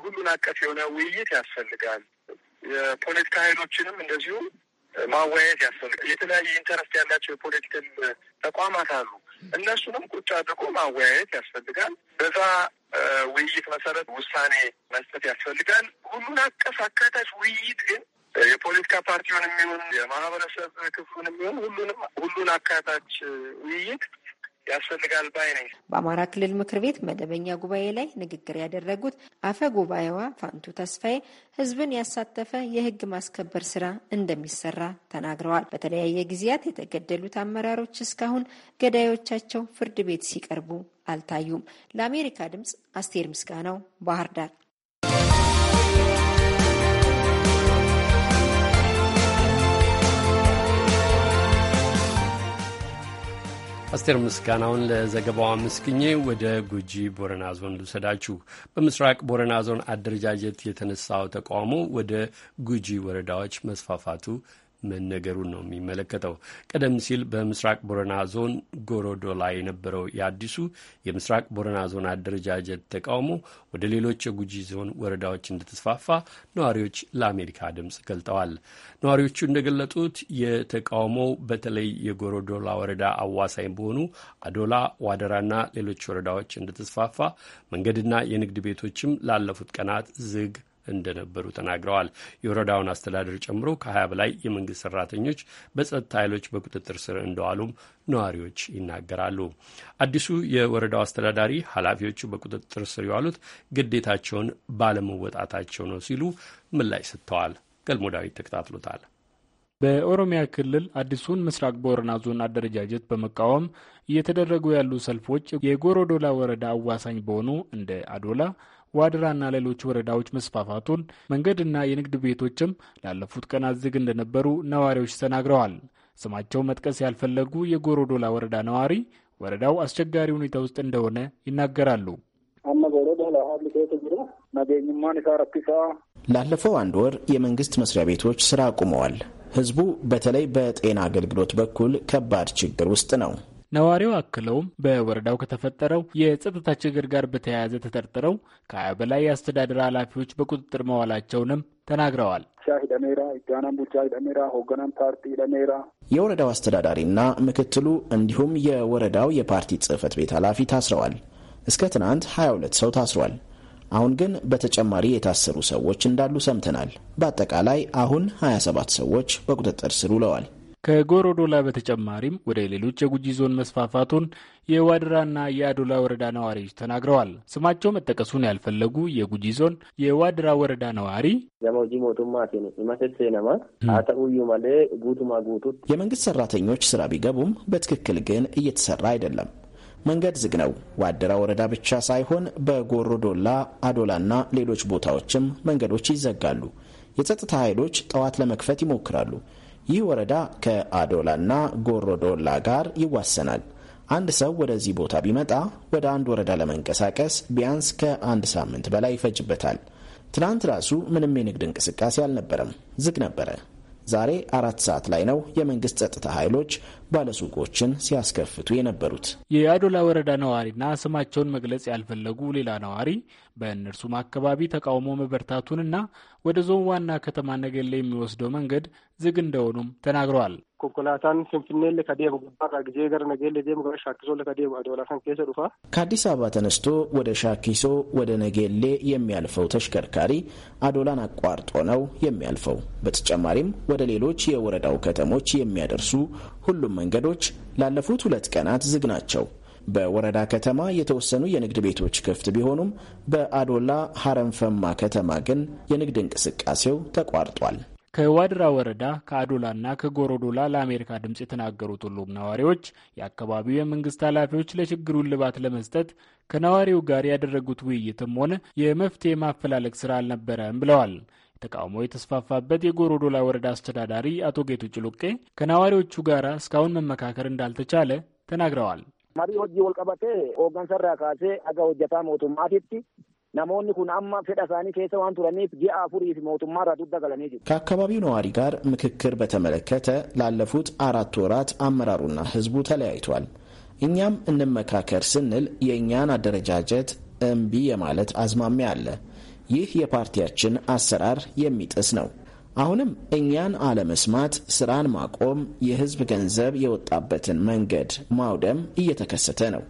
ሁሉን አቀፍ የሆነ ውይይት ያስፈልጋል። የፖለቲካ ኃይሎችንም እንደዚሁ ማወያየት ያስፈልጋል። የተለያየ ኢንተረስት ያላቸው የፖለቲካል ተቋማት አሉ። እነሱንም ቁጭ አድርጎ ማወያየት ያስፈልጋል። በዛ ውይይት መሰረት ውሳኔ መስጠት ያስፈልጋል። ሁሉን አቀፍ አካታች ውይይት ግን የፖለቲካ ፓርቲውን የሚሆን የማህበረሰብ ክፍሉን የሚሆን ሁሉንም ሁሉን አካታች ውይይት ያስፈልጋል ባይ ነኝ። በአማራ ክልል ምክር ቤት መደበኛ ጉባኤ ላይ ንግግር ያደረጉት አፈ ጉባኤዋ ፋንቱ ተስፋዬ ሕዝብን ያሳተፈ የህግ ማስከበር ስራ እንደሚሰራ ተናግረዋል። በተለያየ ጊዜያት የተገደሉት አመራሮች እስካሁን ገዳዮቻቸው ፍርድ ቤት ሲቀርቡ አልታዩም። ለአሜሪካ ድምጽ አስቴር ምስጋናው ባህር ዳር። አስቴር ምስጋናውን ለዘገባው አመስግኜ ወደ ጉጂ ቦረና ዞን ልውሰዳችሁ። በምስራቅ ቦረና ዞን አደረጃጀት የተነሳው ተቃውሞ ወደ ጉጂ ወረዳዎች መስፋፋቱ መነገሩን ነው የሚመለከተው። ቀደም ሲል በምስራቅ ቦረና ዞን ጎሮዶ ላይ የነበረው የአዲሱ የምስራቅ ቦረና ዞን አደረጃጀት ተቃውሞ ወደ ሌሎች የጉጂ ዞን ወረዳዎች እንደተስፋፋ ነዋሪዎች ለአሜሪካ ድምፅ ገልጠዋል። ነዋሪዎቹ እንደገለጡት የተቃውሞው በተለይ የጎሮዶላ ወረዳ አዋሳኝ በሆኑ አዶላ፣ ዋደራና ሌሎች ወረዳዎች እንደተስፋፋ መንገድና የንግድ ቤቶችም ላለፉት ቀናት ዝግ እንደነበሩ ተናግረዋል። የወረዳውን አስተዳደር ጨምሮ ከ ከ20 በላይ የመንግስት ሰራተኞች በጸጥታ ኃይሎች በቁጥጥር ስር እንደዋሉም ነዋሪዎች ይናገራሉ። አዲሱ የወረዳው አስተዳዳሪ ኃላፊዎቹ በቁጥጥር ስር የዋሉት ግዴታቸውን ባለመወጣታቸው ነው ሲሉ ምላሽ ሰጥተዋል። ገልሞ ዳዊት ተከታትሎታል። በኦሮሚያ ክልል አዲሱን ምስራቅ ቦረና ዞን አደረጃጀት በመቃወም እየተደረጉ ያሉ ሰልፎች የጎሮዶላ ወረዳ አዋሳኝ በሆኑ እንደ አዶላ፣ ዋድራና ሌሎች ወረዳዎች መስፋፋቱን፣ መንገድና የንግድ ቤቶችም ላለፉት ቀናት ዝግ እንደነበሩ ነዋሪዎች ተናግረዋል። ስማቸው መጥቀስ ያልፈለጉ የጎሮዶላ ወረዳ ነዋሪ ወረዳው አስቸጋሪ ሁኔታ ውስጥ እንደሆነ ይናገራሉ። ላለፈው አንድ ወር የመንግስት መስሪያ ቤቶች ስራ አቁመዋል። ህዝቡ በተለይ በጤና አገልግሎት በኩል ከባድ ችግር ውስጥ ነው። ነዋሪው አክለውም በወረዳው ከተፈጠረው የጸጥታ ችግር ጋር በተያያዘ ተጠርጥረው ከሀያ በላይ የአስተዳደር ኃላፊዎች በቁጥጥር መዋላቸውንም ተናግረዋል። የወረዳው አስተዳዳሪና ምክትሉ እንዲሁም የወረዳው የፓርቲ ጽህፈት ቤት ኃላፊ ታስረዋል። እስከ ትናንት 22 ሰው ታስሯል። አሁን ግን በተጨማሪ የታሰሩ ሰዎች እንዳሉ ሰምተናል። በአጠቃላይ አሁን 27 ሰዎች በቁጥጥር ስር ውለዋል። ከጎሮዶላ በተጨማሪም ወደ ሌሎች የጉጂ ዞን መስፋፋቱን የዋድራና የአዶላ ወረዳ ነዋሪዎች ተናግረዋል። ስማቸው መጠቀሱን ያልፈለጉ የጉጂ ዞን የዋድራ ወረዳ ነዋሪ የመንግስት ሰራተኞች ስራ ቢገቡም በትክክል ግን እየተሰራ አይደለም። መንገድ ዝግ ነው። ዋድራ ወረዳ ብቻ ሳይሆን በጎሮዶላ አዶላና ሌሎች ቦታዎችም መንገዶች ይዘጋሉ። የጸጥታ ኃይሎች ጠዋት ለመክፈት ይሞክራሉ። ይህ ወረዳ ከአዶላና ጎሮዶላ ጋር ይዋሰናል። አንድ ሰው ወደዚህ ቦታ ቢመጣ ወደ አንድ ወረዳ ለመንቀሳቀስ ቢያንስ ከአንድ ሳምንት በላይ ይፈጅበታል። ትናንት ራሱ ምንም የንግድ እንቅስቃሴ አልነበረም፣ ዝግ ነበረ። ዛሬ አራት ሰዓት ላይ ነው የመንግስት ጸጥታ ኃይሎች ባለሱቆችን ሲያስከፍቱ የነበሩት። የአዶላ ወረዳ ነዋሪና ስማቸውን መግለጽ ያልፈለጉ ሌላ ነዋሪ በእነርሱም አካባቢ ተቃውሞ መበርታቱንና ወደ ዞን ዋና ከተማ ነገሌ የሚወስደው መንገድ ዝግ እንደሆኑም ተናግረዋል። konkolaataan finfinneellee ka deemu gubbaarraa gizee gara nageellee deemu gara shaakkisoollee ka deemu adoolaa keessa dhufa. ከአዲስ አበባ ተነስቶ ወደ ሻኪሶ ወደ ነጌሌ የሚያልፈው ተሽከርካሪ አዶላን አቋርጦ ነው የሚያልፈው። በተጨማሪም ወደ ሌሎች የወረዳው ከተሞች የሚያደርሱ ሁሉም መንገዶች ላለፉት ሁለት ቀናት ዝግ ናቸው። በወረዳ ከተማ የተወሰኑ የንግድ ቤቶች ክፍት ቢሆኑም በአዶላ ሀረንፈማ ከተማ ግን የንግድ እንቅስቃሴው ተቋርጧል። ከዋድራ ወረዳ ከአዶላና ከጎሮዶላ ለአሜሪካ ድምፅ የተናገሩት ሁሉም ነዋሪዎች የአካባቢው የመንግስት ኃላፊዎች ለችግሩ እልባት ለመስጠት ከነዋሪው ጋር ያደረጉት ውይይትም ሆነ የመፍትሄ ማፈላለግ ስራ አልነበረም ብለዋል። ተቃውሞ የተስፋፋበት የጎሮዶላ ወረዳ አስተዳዳሪ አቶ ጌቱ ጭሉቄ ከነዋሪዎቹ ጋር እስካሁን መመካከር እንዳልተቻለ ተናግረዋል። ማሪ ወጂ ወልቀበቴ ኦገንሰራ ካሴ አጋ ሞቱ ሞቱማቲቲ namoonni kun amma fedha isaanii keessa waan turaniif ji'a afurii fi mootummaa irraa dugda galanii jiru። ከአካባቢው ነዋሪ ጋር ምክክር በተመለከተ ላለፉት አራት ወራት አመራሩና ህዝቡ ተለያይቷል። እኛም እንመካከር ስንል የእኛን አደረጃጀት እምቢ የማለት አዝማሚያ አለ። ይህ የፓርቲያችን አሰራር የሚጥስ ነው። አሁንም እኛን አለመስማት፣ ስራን ማቆም፣ የህዝብ ገንዘብ የወጣበትን መንገድ ማውደም እየተከሰተ ነው።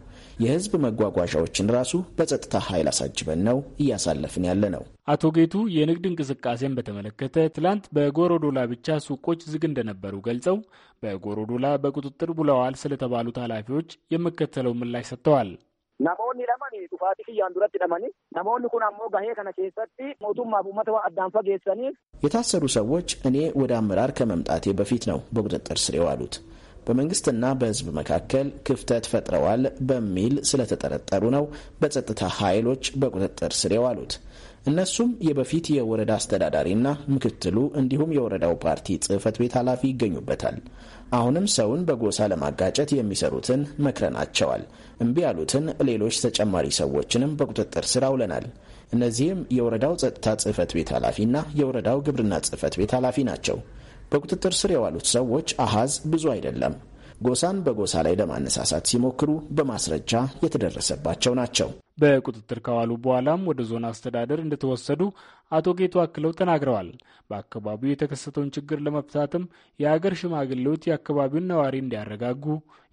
የህዝብ መጓጓዣዎችን ራሱ በጸጥታ ኃይል አሳጅበን ነው እያሳለፍን ያለ ነው። አቶ ጌቱ የንግድ እንቅስቃሴን በተመለከተ ትላንት በጎሮዶላ ብቻ ሱቆች ዝግ እንደነበሩ ገልጸው በጎሮዶላ በቁጥጥር ውለዋል ስለተባሉት ኃላፊዎች የሚከተለው ምላሽ ሰጥተዋል። ናሞኒ ለማን ዱፋቲ ኪያን ዱረት ለማን ናሞኒ ኩን አሞ ጋሄ ከነ ኬሰቲ ሞቱማ ቡመተዋ አዳንፈ ጌሰኒ የታሰሩ ሰዎች እኔ ወደ አመራር ከመምጣቴ በፊት ነው በቁጥጥር ስር የዋሉት። በመንግስትና በህዝብ መካከል ክፍተት ፈጥረዋል በሚል ስለተጠረጠሩ ነው በጸጥታ ኃይሎች በቁጥጥር ስር የዋሉት። እነሱም የበፊት የወረዳ አስተዳዳሪና ምክትሉ እንዲሁም የወረዳው ፓርቲ ጽህፈት ቤት ኃላፊ ይገኙበታል። አሁንም ሰውን በጎሳ ለማጋጨት የሚሰሩትን መክረናቸዋል። እምቢ ያሉትን ሌሎች ተጨማሪ ሰዎችንም በቁጥጥር ስር አውለናል። እነዚህም የወረዳው ጸጥታ ጽህፈት ቤት ኃላፊና የወረዳው ግብርና ጽህፈት ቤት ኃላፊ ናቸው። በቁጥጥር ስር የዋሉት ሰዎች አሃዝ ብዙ አይደለም። ጎሳን በጎሳ ላይ ለማነሳሳት ሲሞክሩ በማስረጃ የተደረሰባቸው ናቸው። በቁጥጥር ከዋሉ በኋላም ወደ ዞን አስተዳደር እንደተወሰዱ አቶ ጌቱ አክለው ተናግረዋል። በአካባቢው የተከሰተውን ችግር ለመፍታትም የአገር ሽማግሌዎች የአካባቢውን ነዋሪ እንዲያረጋጉ፣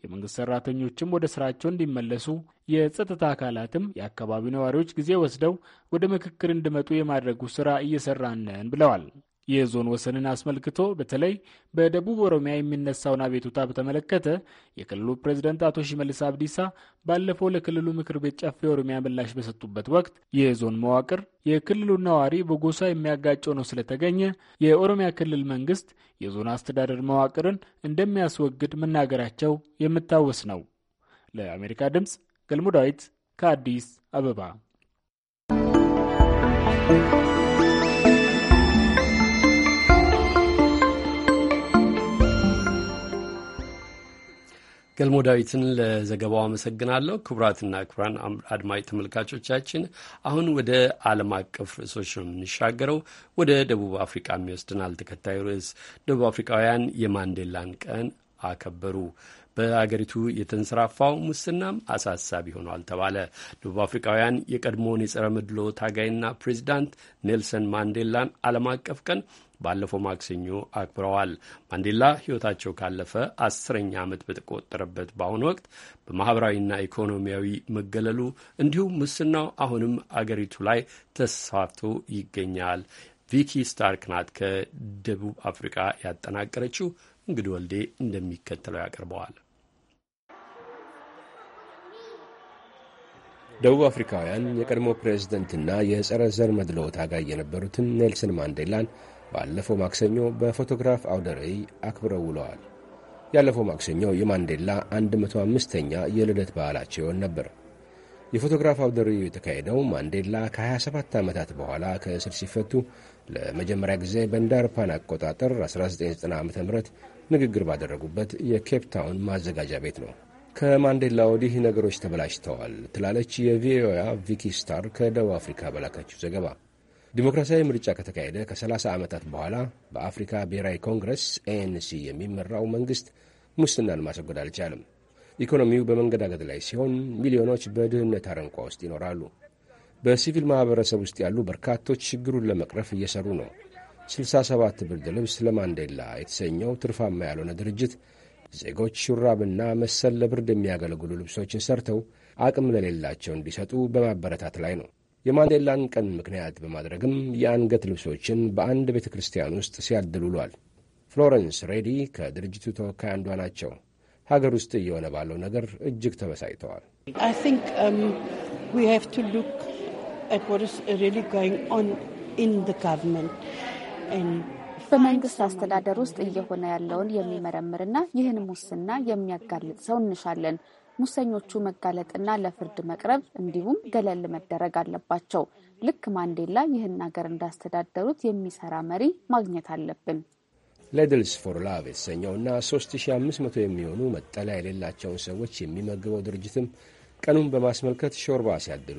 የመንግስት ሰራተኞችም ወደ ስራቸው እንዲመለሱ፣ የጸጥታ አካላትም የአካባቢው ነዋሪዎች ጊዜ ወስደው ወደ ምክክር እንዲመጡ የማድረጉ ስራ እየሰራን ነን ብለዋል። የዞን ወሰንን አስመልክቶ በተለይ በደቡብ ኦሮሚያ የሚነሳውን አቤቱታ በተመለከተ የክልሉ ፕሬዝደንት አቶ ሽመልስ አብዲሳ ባለፈው ለክልሉ ምክር ቤት ጨፌ ኦሮሚያ ምላሽ በሰጡበት ወቅት የዞን መዋቅር የክልሉ ነዋሪ በጎሳ የሚያጋጨው ነው ስለተገኘ የኦሮሚያ ክልል መንግስት የዞን አስተዳደር መዋቅርን እንደሚያስወግድ መናገራቸው የምታወስ ነው። ለአሜሪካ ድምፅ ገልሞ ዳዊት ከአዲስ አበባ ገልሞ ዳዊትን ለዘገባው አመሰግናለሁ። ክቡራትና ክቡራን አድማጭ ተመልካቾቻችን አሁን ወደ ዓለም አቀፍ ርዕሶች ነው የምንሻገረው። ወደ ደቡብ አፍሪቃ ይወስድናል ተከታዩ ርዕስ። ደቡብ አፍሪካውያን የማንዴላን ቀን አከበሩ። በአገሪቱ የተንሰራፋው ሙስናም አሳሳቢ ሆኗል ተባለ። ደቡብ አፍሪካውያን የቀድሞውን የጸረ መድሎ ታጋይና ፕሬዚዳንት ኔልሰን ማንዴላን ዓለም አቀፍ ቀን ባለፈው ማክሰኞ አክብረዋል። ማንዴላ ሕይወታቸው ካለፈ አስረኛ ዓመት በተቆጠረበት በአሁኑ ወቅት በማኅበራዊና ኢኮኖሚያዊ መገለሉ እንዲሁም ሙስናው አሁንም አገሪቱ ላይ ተስፋፍቶ ይገኛል። ቪኪ ስታርክ ናት ከደቡብ አፍሪካ ያጠናቀረችው። እንግዲህ ወልዴ እንደሚከተለው ያቀርበዋል። ደቡብ አፍሪካውያን የቀድሞ ፕሬዝደንትና የጸረ ዘር መድሎ ታጋይ የነበሩትን ኔልሰን ማንዴላን ባለፈው ማክሰኞ በፎቶግራፍ አውደ ርዕይ አክብረው ውለዋል። ያለፈው ማክሰኞ የማንዴላ 105ኛ የልደት በዓላቸውን ነበር። የፎቶግራፍ አውደ ርዕዩ የተካሄደው ማንዴላ ከ27 ዓመታት በኋላ ከእስር ሲፈቱ ለመጀመሪያ ጊዜ በእንደ አውሮፓውያን አቆጣጠር 1990 ዓ ም ንግግር ባደረጉበት የኬፕ ታውን ማዘጋጃ ቤት ነው። ከማንዴላ ወዲህ ነገሮች ተበላሽተዋል ትላለች የቪኦኤ ቪኪ ስታር ከደቡብ አፍሪካ በላከችው ዘገባ። ዲሞክራሲያዊ ምርጫ ከተካሄደ ከ30 ዓመታት በኋላ በአፍሪካ ብሔራዊ ኮንግረስ ኤንሲ የሚመራው መንግሥት ሙስናን ማስወገድ አልቻለም። ኢኮኖሚው በመንገዳገድ ላይ ሲሆን፣ ሚሊዮኖች በድህነት አረንቋ ውስጥ ይኖራሉ። በሲቪል ማኅበረሰብ ውስጥ ያሉ በርካቶች ችግሩን ለመቅረፍ እየሠሩ ነው። 67 ብርድ ልብስ ለማንዴላ የተሰኘው ትርፋማ ያልሆነ ድርጅት ዜጎች ሹራብና መሰል ለብርድ የሚያገለግሉ ልብሶችን ሰርተው አቅም ለሌላቸው እንዲሰጡ በማበረታት ላይ ነው። የማንዴላን ቀን ምክንያት በማድረግም የአንገት ልብሶችን በአንድ ቤተ ክርስቲያን ውስጥ ሲያድል ውሏል። ፍሎረንስ ሬዲ ከድርጅቱ ተወካይ አንዷ ናቸው። ሀገር ውስጥ እየሆነ ባለው ነገር እጅግ ተበሳጭተዋል። በመንግስት አስተዳደር ውስጥ እየሆነ ያለውን የሚመረምርና ይህን ሙስና የሚያጋልጥ ሰው እንሻለን። ሙሰኞቹ መጋለጥና ለፍርድ መቅረብ እንዲሁም ገለል መደረግ አለባቸው። ልክ ማንዴላ ይህን ሀገር እንዳስተዳደሩት የሚሰራ መሪ ማግኘት አለብን። ለድልስ ፎር ላቭ የተሰኘውና 3500 የሚሆኑ መጠለያ የሌላቸውን ሰዎች የሚመግበው ድርጅትም ቀኑን በማስመልከት ሾርባ ሲያድል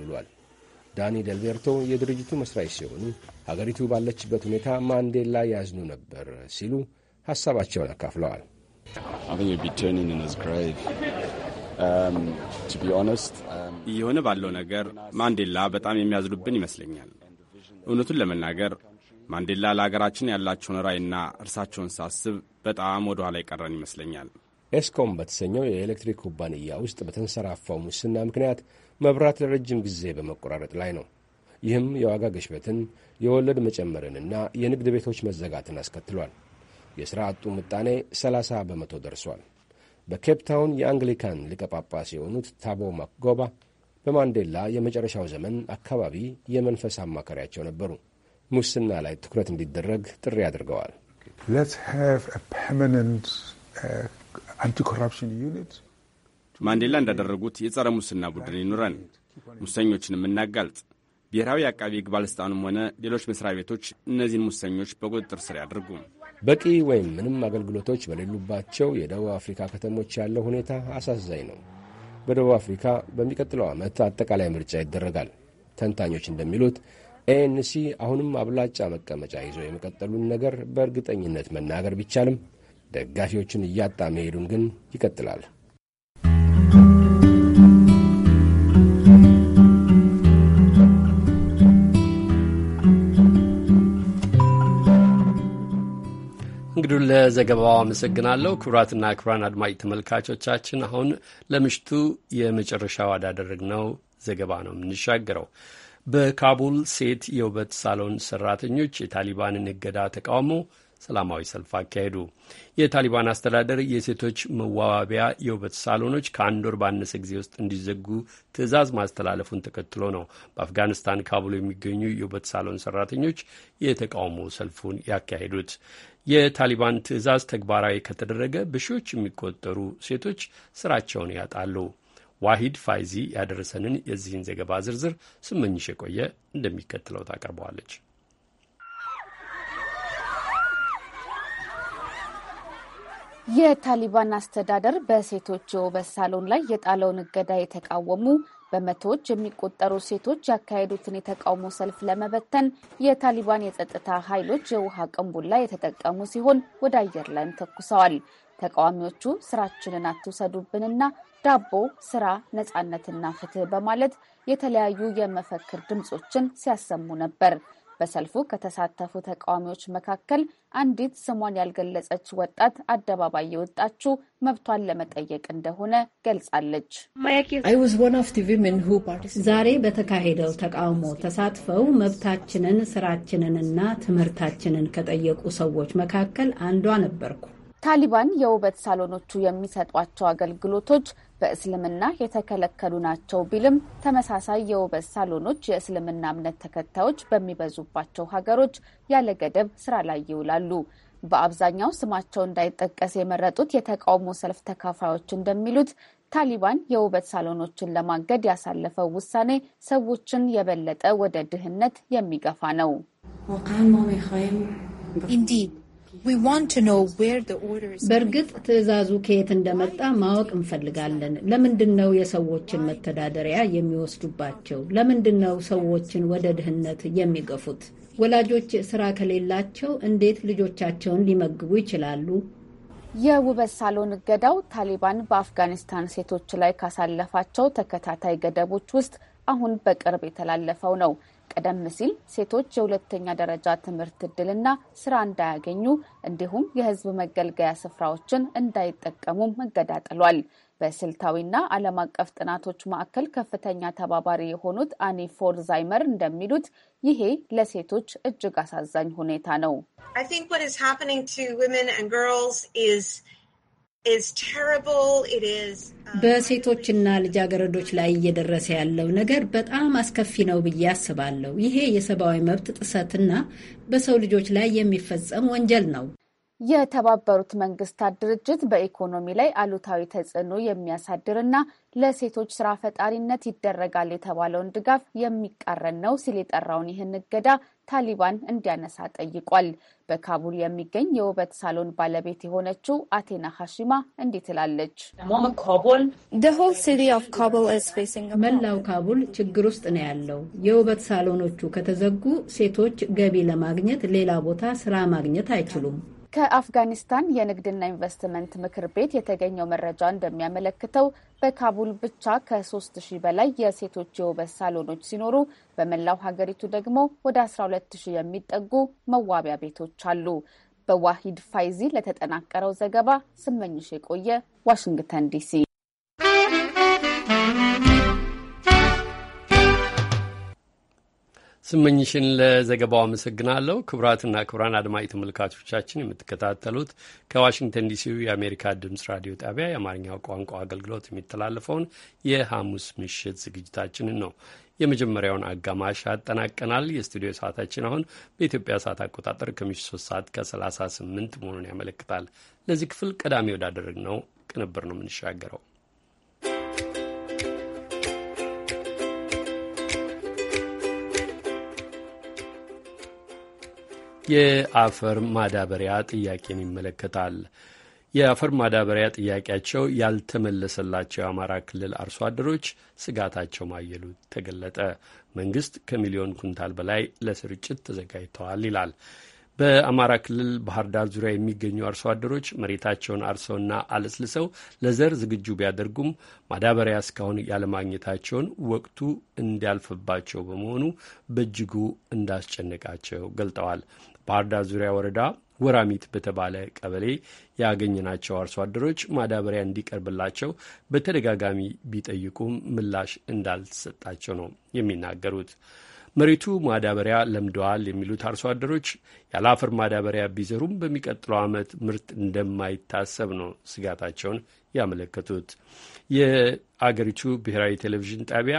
ዳኒ ደልቤርቶ የድርጅቱ መስራች ሲሆኑ ሀገሪቱ ባለችበት ሁኔታ ማንዴላ ያዝኑ ነበር ሲሉ ሀሳባቸውን አካፍለዋል። እየሆነ ባለው ነገር ማንዴላ በጣም የሚያዝኑብን ይመስለኛል። እውነቱን ለመናገር ማንዴላ ለሀገራችን ያላቸውን ራዕይና እርሳቸውን ሳስብ በጣም ወደ ኋላ ይቀረን ይመስለኛል። ኤስኮም በተሰኘው የኤሌክትሪክ ኩባንያ ውስጥ በተንሰራፋው ሙስና ምክንያት መብራት ለረጅም ጊዜ በመቆራረጥ ላይ ነው። ይህም የዋጋ ግሽበትን፣ የወለድ መጨመርንና የንግድ ቤቶች መዘጋትን አስከትሏል። የሥራ አጡ ምጣኔ 30 በመቶ ደርሷል። በኬፕ ታውን የአንግሊካን ሊቀ ጳጳስ የሆኑት ታቦ ማክጎባ በማንዴላ የመጨረሻው ዘመን አካባቢ የመንፈስ አማካሪያቸው ነበሩ። ሙስና ላይ ትኩረት እንዲደረግ ጥሪ አድርገዋል። ማንዴላ እንዳደረጉት የጸረ ሙስና ቡድን ይኑረን፣ ሙሰኞችንም እናጋልጥ። ብሔራዊ አቃቢ ሕግ ባለሥልጣኑም ሆነ ሌሎች መስሪያ ቤቶች እነዚህን ሙሰኞች በቁጥጥር ስር ያድርጉ። በቂ ወይም ምንም አገልግሎቶች በሌሉባቸው የደቡብ አፍሪካ ከተሞች ያለው ሁኔታ አሳዛኝ ነው። በደቡብ አፍሪካ በሚቀጥለው ዓመት አጠቃላይ ምርጫ ይደረጋል። ተንታኞች እንደሚሉት ኤንሲ አሁንም አብላጫ መቀመጫ ይዞ የመቀጠሉን ነገር በእርግጠኝነት መናገር ቢቻልም ደጋፊዎችን እያጣ መሄዱን ግን ይቀጥላል። እንግዲህ ለዘገባው አመሰግናለሁ። ክቡራትና ክቡራን አድማጭ ተመልካቾቻችን አሁን ለምሽቱ የመጨረሻው ወዳደረግነው ዘገባ ነው የምንሻገረው። በካቡል ሴት የውበት ሳሎን ሰራተኞች የታሊባንን እገዳ ተቃውሞ ሰላማዊ ሰልፍ አካሄዱ። የታሊባን አስተዳደር የሴቶች መዋቢያ የውበት ሳሎኖች ከአንድ ወር ባነሰ ጊዜ ውስጥ እንዲዘጉ ትዕዛዝ ማስተላለፉን ተከትሎ ነው በአፍጋኒስታን ካቡል የሚገኙ የውበት ሳሎን ሰራተኞች የተቃውሞ ሰልፉን ያካሄዱት። የታሊባን ትዕዛዝ ተግባራዊ ከተደረገ በሺዎች የሚቆጠሩ ሴቶች ስራቸውን ያጣሉ። ዋሂድ ፋይዚ ያደረሰንን የዚህን ዘገባ ዝርዝር ስመኝሽ የቆየ እንደሚከተለው ታቀርበዋለች። የታሊባን አስተዳደር በሴቶች የውበት ሳሎን ላይ የጣለውን እገዳ የተቃወሙ በመቶዎች የሚቆጠሩ ሴቶች ያካሄዱትን የተቃውሞ ሰልፍ ለመበተን የታሊባን የጸጥታ ኃይሎች የውሃ ቅንቡላ የተጠቀሙ ሲሆን ወደ አየር ላይም ተኩሰዋል። ተቃዋሚዎቹ ስራችንን አትውሰዱብንና ዳቦ፣ ስራ፣ ነጻነትና ፍትህ በማለት የተለያዩ የመፈክር ድምፆችን ሲያሰሙ ነበር። በሰልፉ ከተሳተፉ ተቃዋሚዎች መካከል አንዲት ስሟን ያልገለጸች ወጣት አደባባይ የወጣችው መብቷን ለመጠየቅ እንደሆነ ገልጻለች። ዛሬ በተካሄደው ተቃውሞ ተሳትፈው መብታችንን፣ ስራችንንና ትምህርታችንን ከጠየቁ ሰዎች መካከል አንዷ ነበርኩ። ታሊባን የውበት ሳሎኖቹ የሚሰጧቸው አገልግሎቶች በእስልምና የተከለከሉ ናቸው ቢልም ተመሳሳይ የውበት ሳሎኖች የእስልምና እምነት ተከታዮች በሚበዙባቸው ሀገሮች ያለ ገደብ ስራ ላይ ይውላሉ። በአብዛኛው ስማቸው እንዳይጠቀስ የመረጡት የተቃውሞ ሰልፍ ተካፋዮች እንደሚሉት ታሊባን የውበት ሳሎኖችን ለማገድ ያሳለፈው ውሳኔ ሰዎችን የበለጠ ወደ ድህነት የሚገፋ ነው። በእርግጥ ትዕዛዙ ከየት እንደመጣ ማወቅ እንፈልጋለን። ለምንድን ነው የሰዎችን መተዳደሪያ የሚወስዱባቸው? ለምንድን ነው ሰዎችን ወደ ድህነት የሚገፉት? ወላጆች ስራ ከሌላቸው እንዴት ልጆቻቸውን ሊመግቡ ይችላሉ? የውበት ሳሎን እገዳው ታሊባን በአፍጋኒስታን ሴቶች ላይ ካሳለፋቸው ተከታታይ ገደቦች ውስጥ አሁን በቅርብ የተላለፈው ነው። ቀደም ሲል ሴቶች የሁለተኛ ደረጃ ትምህርት እድልና ስራ እንዳያገኙ እንዲሁም የህዝብ መገልገያ ስፍራዎችን እንዳይጠቀሙ መገዳጥሏል። በስልታዊና ዓለም አቀፍ ጥናቶች ማዕከል ከፍተኛ ተባባሪ የሆኑት አኒ ዛይመር እንደሚሉት ይሄ ለሴቶች እጅግ አሳዛኝ ሁኔታ ነው። Um, በሴቶችና ልጃገረዶች ላይ እየደረሰ ያለው ነገር በጣም አስከፊ ነው ብዬ አስባለሁ። ይሄ የሰብአዊ መብት ጥሰትና በሰው ልጆች ላይ የሚፈጸም ወንጀል ነው። የተባበሩት መንግስታት ድርጅት በኢኮኖሚ ላይ አሉታዊ ተጽዕኖ የሚያሳድርና ለሴቶች ስራ ፈጣሪነት ይደረጋል የተባለውን ድጋፍ የሚቃረን ነው ሲል የጠራውን ይህን እገዳ ታሊባን እንዲያነሳ ጠይቋል። በካቡል የሚገኝ የውበት ሳሎን ባለቤት የሆነችው አቴና ሀሺማ እንዲህ ትላለች። መላው ካቡል ችግር ውስጥ ነው ያለው። የውበት ሳሎኖቹ ከተዘጉ ሴቶች ገቢ ለማግኘት ሌላ ቦታ ስራ ማግኘት አይችሉም። ከአፍጋኒስታን የንግድና ኢንቨስትመንት ምክር ቤት የተገኘው መረጃ እንደሚያመለክተው በካቡል ብቻ ከሶስት ሺህ በላይ የሴቶች የውበት ሳሎኖች ሲኖሩ በመላው ሀገሪቱ ደግሞ ወደ 12 ሺህ የሚጠጉ መዋቢያ ቤቶች አሉ። በዋሂድ ፋይዚ ለተጠናቀረው ዘገባ ስመኝሽ የቆየ ዋሽንግተን ዲሲ። ስመኝሽን ለዘገባው አመሰግናለሁ። ክቡራትና ክቡራን አድማጭ ተመልካቾቻችን የምትከታተሉት ከዋሽንግተን ዲሲው የአሜሪካ ድምፅ ራዲዮ ጣቢያ የአማርኛው ቋንቋ አገልግሎት የሚተላለፈውን የሐሙስ ምሽት ዝግጅታችንን ነው። የመጀመሪያውን አጋማሽ አጠናቀናል። የስቱዲዮ ሰዓታችን አሁን በኢትዮጵያ ሰዓት አቆጣጠር ከምሽቱ 3 ሰዓት ከ38 መሆኑን ያመለክታል። ለዚህ ክፍል ቀዳሚ ወዳደረግነው ቅንብር ነው የምንሻገረው። የአፈር ማዳበሪያ ጥያቄን ይመለከታል። የአፈር ማዳበሪያ ጥያቄያቸው ያልተመለሰላቸው የአማራ ክልል አርሶ አደሮች ስጋታቸው ማየሉ ተገለጠ። መንግስት ከሚሊዮን ኩንታል በላይ ለስርጭት ተዘጋጅተዋል ይላል። በአማራ ክልል ባህር ዳር ዙሪያ የሚገኙ አርሶ አደሮች መሬታቸውን አርሰውና አለስልሰው ለዘር ዝግጁ ቢያደርጉም ማዳበሪያ እስካሁን ያለማግኘታቸውን ወቅቱ እንዲያልፍባቸው በመሆኑ በእጅጉ እንዳስጨነቃቸው ገልጠዋል። ባህርዳ ዙሪያ ወረዳ ወራሚት በተባለ ቀበሌ ያገኘናቸው አርሶ አደሮች ማዳበሪያ እንዲቀርብላቸው በተደጋጋሚ ቢጠይቁም ምላሽ እንዳልተሰጣቸው ነው የሚናገሩት። መሬቱ ማዳበሪያ ለምደዋል የሚሉት አርሶ አደሮች ያለ አፈር ማዳበሪያ ቢዘሩም በሚቀጥለው ዓመት ምርት እንደማይታሰብ ነው ስጋታቸውን ያመለከቱት። የአገሪቱ ብሔራዊ ቴሌቪዥን ጣቢያ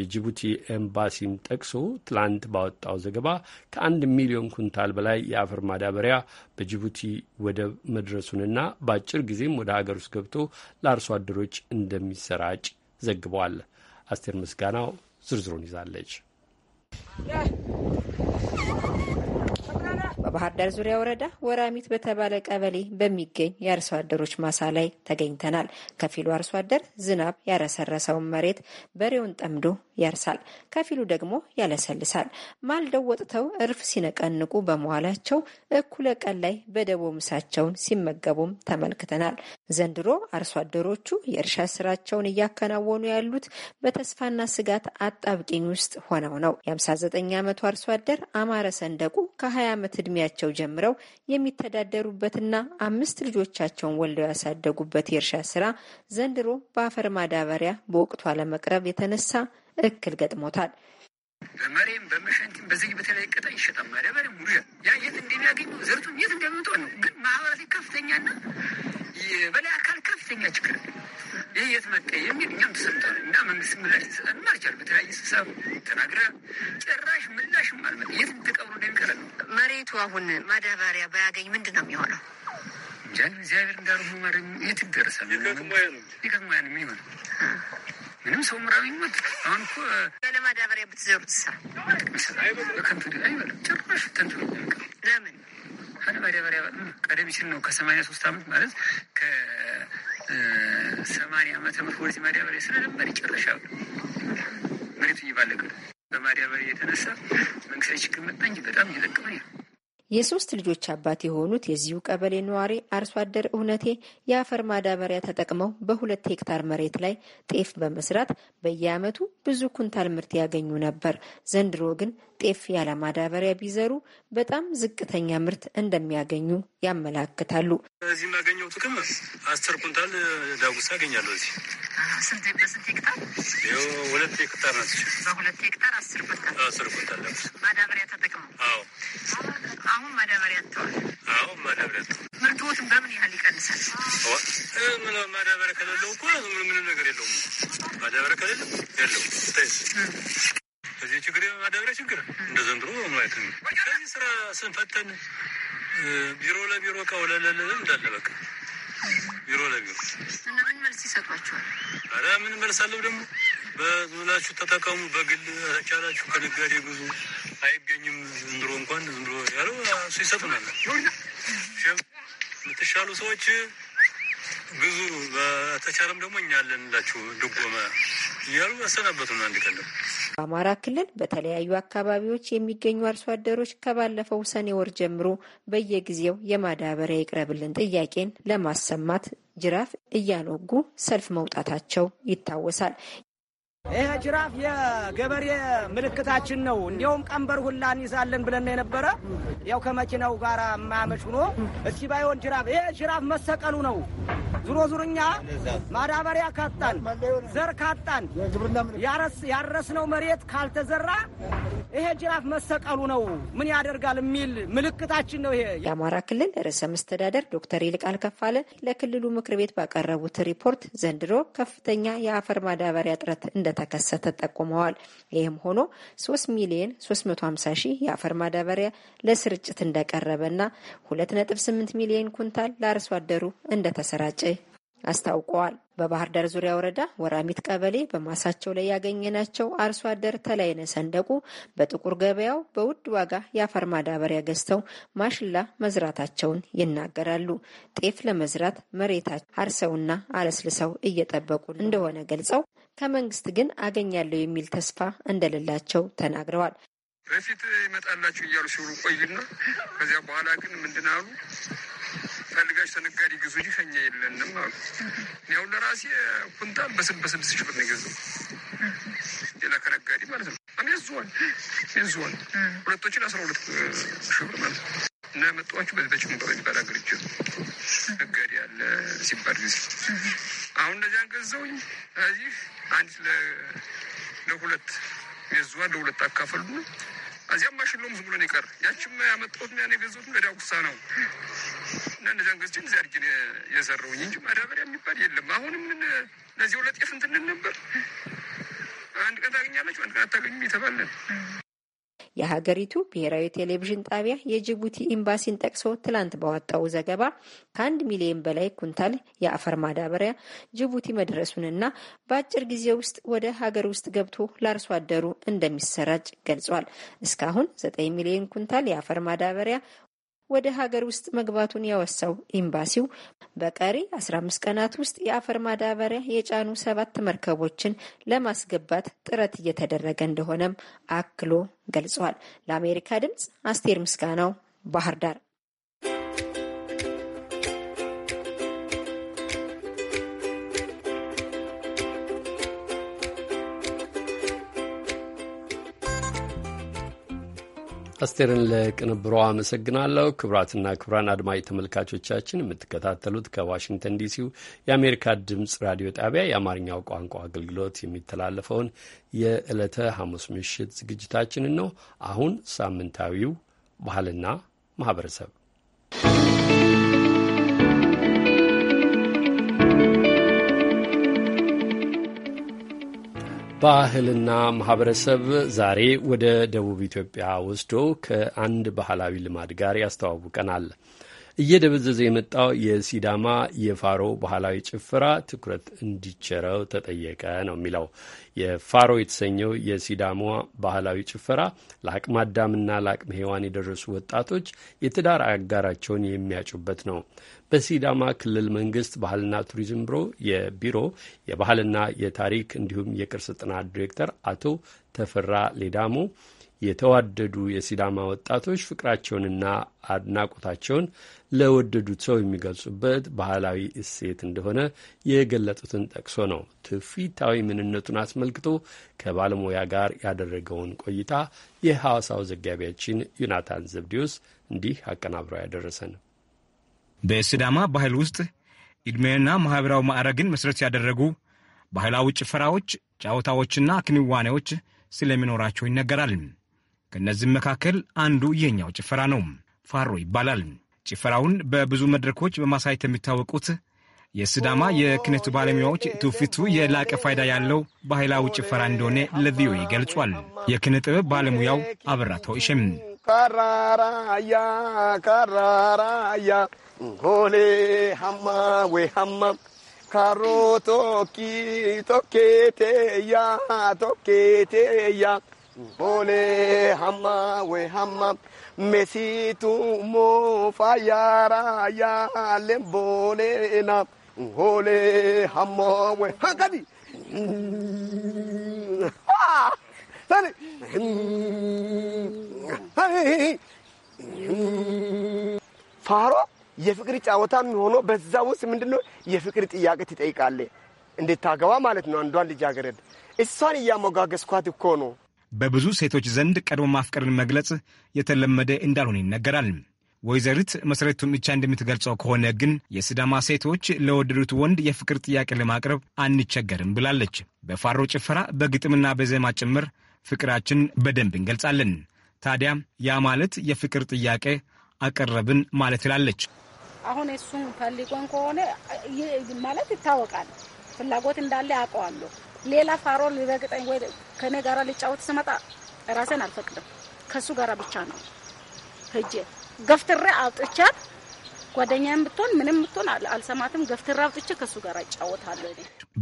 የጅቡቲ ኤምባሲን ጠቅሶ ትላንት ባወጣው ዘገባ ከአንድ ሚሊዮን ኩንታል በላይ የአፈር ማዳበሪያ በጅቡቲ ወደብ መድረሱንና በአጭር ጊዜም ወደ ሀገር ውስጥ ገብቶ ለአርሶ አደሮች እንደሚሰራጭ ዘግቧል። አስቴር ምስጋናው ዝርዝሩን ይዛለች። በባህር ዳር ዙሪያ ወረዳ ወራሚት በተባለ ቀበሌ በሚገኝ የአርሶ አደሮች ማሳ ላይ ተገኝተናል። ከፊሉ አርሶ አደር ዝናብ ያረሰረሰውን መሬት በሬውን ጠምዶ ያርሳል፣ ከፊሉ ደግሞ ያለሰልሳል። ማልደው ወጥተው እርፍ ሲነቀንቁ በመዋላቸው እኩለ ቀን ላይ በደቦ ምሳቸውን ሲመገቡም ተመልክተናል። ዘንድሮ አርሶ አደሮቹ የእርሻ ስራቸውን እያከናወኑ ያሉት በተስፋና ስጋት አጣብቂኝ ውስጥ ሆነው ነው። የ59 ዓመቱ አርሶ አደር አማረ ሰንደቁ ከ20 ዓመት ዕድሜ ከእድሜያቸው ጀምረው የሚተዳደሩበትና አምስት ልጆቻቸውን ወልደው ያሳደጉበት የእርሻ ስራ ዘንድሮ በአፈር ማዳበሪያ በወቅቱ አለመቅረብ የተነሳ እክል ገጥሞታል። በመሬም በመሸንቲም በዚህ በተለይ ቅጠ ይሸጣል። ማዳበሪያ ሙሉ ያ የት እንደሚያገኙ ዘርቱም የት እንደሚወጣው ነው። ግን ማህበረሰብ ከፍተኛና የበላይ አካል ከፍተኛ ችግር ይህ የት መጣ የሚል እኛም ተሰምቷል እና መንግስት ምላሽ ሊሰጠንም አልቻለም። በተለያየ ስብሰባ ተናግረ ጭራሽ ምላሽ አልመጣም። የት ተቀብሎ እንደሚቀረ መሬቱ አሁን ማዳበሪያ ባያገኝ ምንድን ነው የሚሆነው? እንጃ እግዚአብሔር እንዳሉ ማረ የት ይደረሳል? የከተማ ነው ምን ምንም ሰው ምራዊ ይሞት አሁን እኮ ያለማዳበሪያ ብትዘሩት ሳ ከንቱ አይበለም ጭራሽ ተንቱ ለምን ከመዳበሪያ ቀደም ሲል ነው ከሰማኒያ ሶስት አመት ማለት ከሰማኒያ አመት ምህረት ወደዚህ ማዳበሪያ ስለነበር ይጨረሻ መሬቱ እየባለቀ ነው። በማዳበሪያ የተነሳ መንግስታዊ ችግር መጣ እንጂ በጣም እየጠቀመ ነው። የሶስት ልጆች አባት የሆኑት የዚሁ ቀበሌ ነዋሪ አርሶ አደር እውነቴ የአፈር ማዳበሪያ ተጠቅመው በሁለት ሄክታር መሬት ላይ ጤፍ በመስራት በየአመቱ ብዙ ኩንታል ምርት ያገኙ ነበር። ዘንድሮ ግን ጤፍ ያለ ማዳበሪያ ቢዘሩ በጣም ዝቅተኛ ምርት እንደሚያገኙ ያመላክታሉ። እዚህ የሚያገኘው ጥቅም አስር ኩንታል ዳጉሳ ያገኛለሁ። እዚህ ስንት ሄክታር? ሁለት ሄክታር ናት። በሁለት ሄክታር አስር ኩንታል አስር ኩንታል ዳጉሳ ማዳበሪያ ተጠቅመው። አዎ አሁን ማዳበሪያ ተዋል። አሁን ማዳበሪያ ተዋል። ምርትዎትን በምን ያህል ይቀንሳል? ምን ማዳበሪያ ከሌለው እኮ ምንም ነገር የለውም። ማዳበሪያ ከሌለው የለውም በዚህ ችግር የማዳበሪያ ችግር እንደ ዘንድሮ ማለት ነው። ስለዚህ ስራ ስንፈተን ቢሮ ለቢሮ እቃ ወለለለ እንዳለ በቃ ቢሮ ለቢሮ እና ምን መልስ ይሰጧቸዋል? አረ ምን መልስ አለው ደግሞ በዙላችሁ ተጠቀሙ፣ በግል ተቻላችሁ፣ ከነጋዴ ብዙ አይገኝም። ዘንድሮ እንኳን ዘንድሮ ያለው እሱ ይሰጡናል። የምትሻሉ ሰዎች ግዙ፣ በተቻለም ደግሞ እኛ አለንላችሁ ድጎመ እያሉ ያሰናበቱ ነው። አንድ ቀን ደግሞ በአማራ ክልል በተለያዩ አካባቢዎች የሚገኙ አርሶ አደሮች ከባለፈው ሰኔ ወር ጀምሮ በየጊዜው የማዳበሪያ ይቅረብልን ጥያቄን ለማሰማት ጅራፍ እያኖጉ ሰልፍ መውጣታቸው ይታወሳል። ይሄ ጅራፍ የገበሬ ምልክታችን ነው። እንዲያውም ቀንበር ሁላ እንይዛለን ብለን የነበረ ያው ከመኪናው ጋር የማያመች ሆኖ እስኪ ባይሆን ጅራፍ ይሄ ጅራፍ መሰቀሉ ነው። ዙሮ ዙርኛ ማዳበሪያ ካጣን፣ ዘር ካጣን፣ ያረስነው መሬት ካልተዘራ ይሄ ጅራፍ መሰቀሉ ነው ምን ያደርጋል የሚል ምልክታችን ነው ይሄ። የአማራ ክልል ርዕሰ መስተዳደር ዶክተር ይልቃል ከፋለ ለክልሉ ምክር ቤት ባቀረቡት ሪፖርት ዘንድሮ ከፍተኛ የአፈር ማዳበሪያ እጥረት እንደ እንደተከሰተ ጠቁመዋል። ይህም ሆኖ 3 ሚሊዮን 350 ሺህ የአፈር ማዳበሪያ ለስርጭት እንደቀረበና 2.8 ሚሊዮን ኩንታል ለአርሶ አደሩ እንደተሰራጨ አስታውቀዋል። በባህር ዳር ዙሪያ ወረዳ ወራሚት ቀበሌ በማሳቸው ላይ ያገኘናቸው አርሶ አደር ተላይነ ሰንደቁ በጥቁር ገበያው በውድ ዋጋ የአፈር ማዳበሪያ ገዝተው ማሽላ መዝራታቸውን ይናገራሉ። ጤፍ ለመዝራት መሬታቸው አርሰውና አለስልሰው እየጠበቁ እንደሆነ ገልጸው ከመንግስት ግን አገኛለሁ የሚል ተስፋ እንደሌላቸው ተናግረዋል። በፊት ይመጣላችሁ እያሉ ሲሆኑ ቆይና ከዚያ በኋላ ግን ምንድን አሉ ፈልጋችሁ ተነጋዴ ግዙ እንጂ ሸኛ የለንም አሉ። ያው አሁን ለራሴ ኩንታል በስድስት ሺህ ብር ነው የገዛው። ሌላ ከነጋዴ ማለት ነው። እኔ ዝሆን ዝሆን ሁለቶችን አስራ ሁለት ሺህ ብር ማለት ነው። እና መጣኋችሁ በዚህ በጭምበር የሚባል ሀገር እጅ ያለ ሲባል ጊዜ አሁን እነዚያን ገዛውኝ። እዚህ አንድ ለሁለት የዝዋን ለሁለት አካፈሉ እዚያም ማሽሎም ዝም ብሎ ነው የቀረ። ያችም ያመጣሁት ያን የገዛሁት ለዳጉሳ ነው እና እነዚያን ገዝቼ እዚህ አድርጌ የሰራሁኝ እንጂ ማዳበሪያ የሚባል የለም። አሁንም ምን ለዚህ ሁለት ጤፍ እንትን ነበር። አንድ ቀን ታገኛለች፣ አንድ ቀን አታገኝም የተባለን የሀገሪቱ ብሔራዊ ቴሌቪዥን ጣቢያ የጅቡቲ ኤምባሲን ጠቅሶ ትላንት ባወጣው ዘገባ ከአንድ ሚሊዮን በላይ ኩንታል የአፈር ማዳበሪያ ጅቡቲ መድረሱንና በአጭር ጊዜ ውስጥ ወደ ሀገር ውስጥ ገብቶ ለአርሶ አደሩ እንደሚሰራጭ ገልጿል። እስካሁን ዘጠኝ ሚሊዮን ኩንታል የአፈር ማዳበሪያ ወደ ሀገር ውስጥ መግባቱን ያወሳው ኤምባሲው በቀሪ 15 ቀናት ውስጥ የአፈር ማዳበሪያ የጫኑ ሰባት መርከቦችን ለማስገባት ጥረት እየተደረገ እንደሆነም አክሎ ገልጿል። ለአሜሪካ ድምጽ አስቴር ምስጋናው ባህር ዳር አስቴርን ለቅንብሮ አመሰግናለሁ። ክቡራትና ክቡራን አድማጭ ተመልካቾቻችን የምትከታተሉት ከዋሽንግተን ዲሲው የአሜሪካ ድምፅ ራዲዮ ጣቢያ የአማርኛው ቋንቋ አገልግሎት የሚተላለፈውን የዕለተ ሐሙስ ምሽት ዝግጅታችንን ነው። አሁን ሳምንታዊው ባህልና ማህበረሰብ ባህልና ማህበረሰብ ዛሬ ወደ ደቡብ ኢትዮጵያ ወስዶ ከአንድ ባህላዊ ልማድ ጋር ያስተዋውቀናል። እየደበዘዘ የመጣው የሲዳማ የፋሮ ባህላዊ ጭፈራ ትኩረት እንዲቸረው ተጠየቀ ነው የሚለው። የፋሮ የተሰኘው የሲዳማ ባህላዊ ጭፈራ ለአቅመ አዳምና ለአቅመ ሔዋን የደረሱ ወጣቶች የትዳር አጋራቸውን የሚያጩበት ነው። በሲዳማ ክልል መንግስት ባህልና ቱሪዝም ብሮ የቢሮ የባህልና የታሪክ እንዲሁም የቅርስ ጥናት ዲሬክተር አቶ ተፈራ ሌዳሞ የተዋደዱ የሲዳማ ወጣቶች ፍቅራቸውንና አድናቆታቸውን ለወደዱት ሰው የሚገልጹበት ባህላዊ እሴት እንደሆነ የገለጡትን ጠቅሶ ነው ትውፊታዊ ምንነቱን አስመልክቶ ከባለሙያ ጋር ያደረገውን ቆይታ የሐዋሳው ዘጋቢያችን ዮናታን ዘብዲዮስ እንዲህ አቀናብሮ ያደረሰን። በሲዳማ ባህል ውስጥ ዕድሜና ማኅበራዊ ማዕረግን መሠረት ያደረጉ ባህላዊ ጭፈራዎች፣ ጨዋታዎችና ክንዋኔዎች ስለሚኖራቸው ይነገራል። ከእነዚህም መካከል አንዱ የኛው ጭፈራ ነው። ፋሮ ይባላል። ጭፈራውን በብዙ መድረኮች በማሳየት የሚታወቁት የስዳማ የክነቱ ባለሙያዎች ትውፊቱ የላቀ ፋይዳ ያለው ባህላዊ ጭፈራ እንደሆነ ለቪኦኤ ገልጿል። የኪነ ጥበብ ባለሙያው አበራ ተውሸም ካራራያ ካራራያ ሆሌ ሀማ ወይ ሀማ ካሮ ቶኪ ቶኬቴያ ቶኬቴያ Ole hamma we hamma mesitu mo fayara ya lembole na ole hamma we ፋሮ የፍቅር ጫወታ የሚሆነው በዛ ውስጥ ምንድነው የፍቅር ጥያቄ ትጠይቃለህ እንድታገባ ማለት ነው። አንዷን ልጃገረድ እሷን እያሞጋገስኳት እኮ ነው። በብዙ ሴቶች ዘንድ ቀድሞ ማፍቀርን መግለጽ የተለመደ እንዳልሆነ ይነገራል። ወይዘሪት መሰረቱ ብቻ እንደምትገልጸው ከሆነ ግን የስዳማ ሴቶች ለወደዱት ወንድ የፍቅር ጥያቄ ለማቅረብ አንቸገርም ብላለች። በፋሮ ጭፈራ፣ በግጥምና በዜማ ጭምር ፍቅራችን በደንብ እንገልጻለን። ታዲያ ያ ማለት የፍቅር ጥያቄ አቀረብን ማለት ትላለች። አሁን እሱም ፈልጎን ከሆነ ማለት ይታወቃል፣ ፍላጎት እንዳለ አውቀዋለሁ። ሌላ ፋሮ ሊረግጠኝ ወይ ከኔ ጋራ ሊጫወት ስመጣ ራሴን አልፈቅድም። ከሱ ጋራ ብቻ ነው ህጄ ገፍትሬ አውጥቻት ጓደኛ ብትሆን ምንም ብትሆን አልሰማትም። ገፍትሬ አውጥቼ ከሱ ጋር እጫወታለሁ።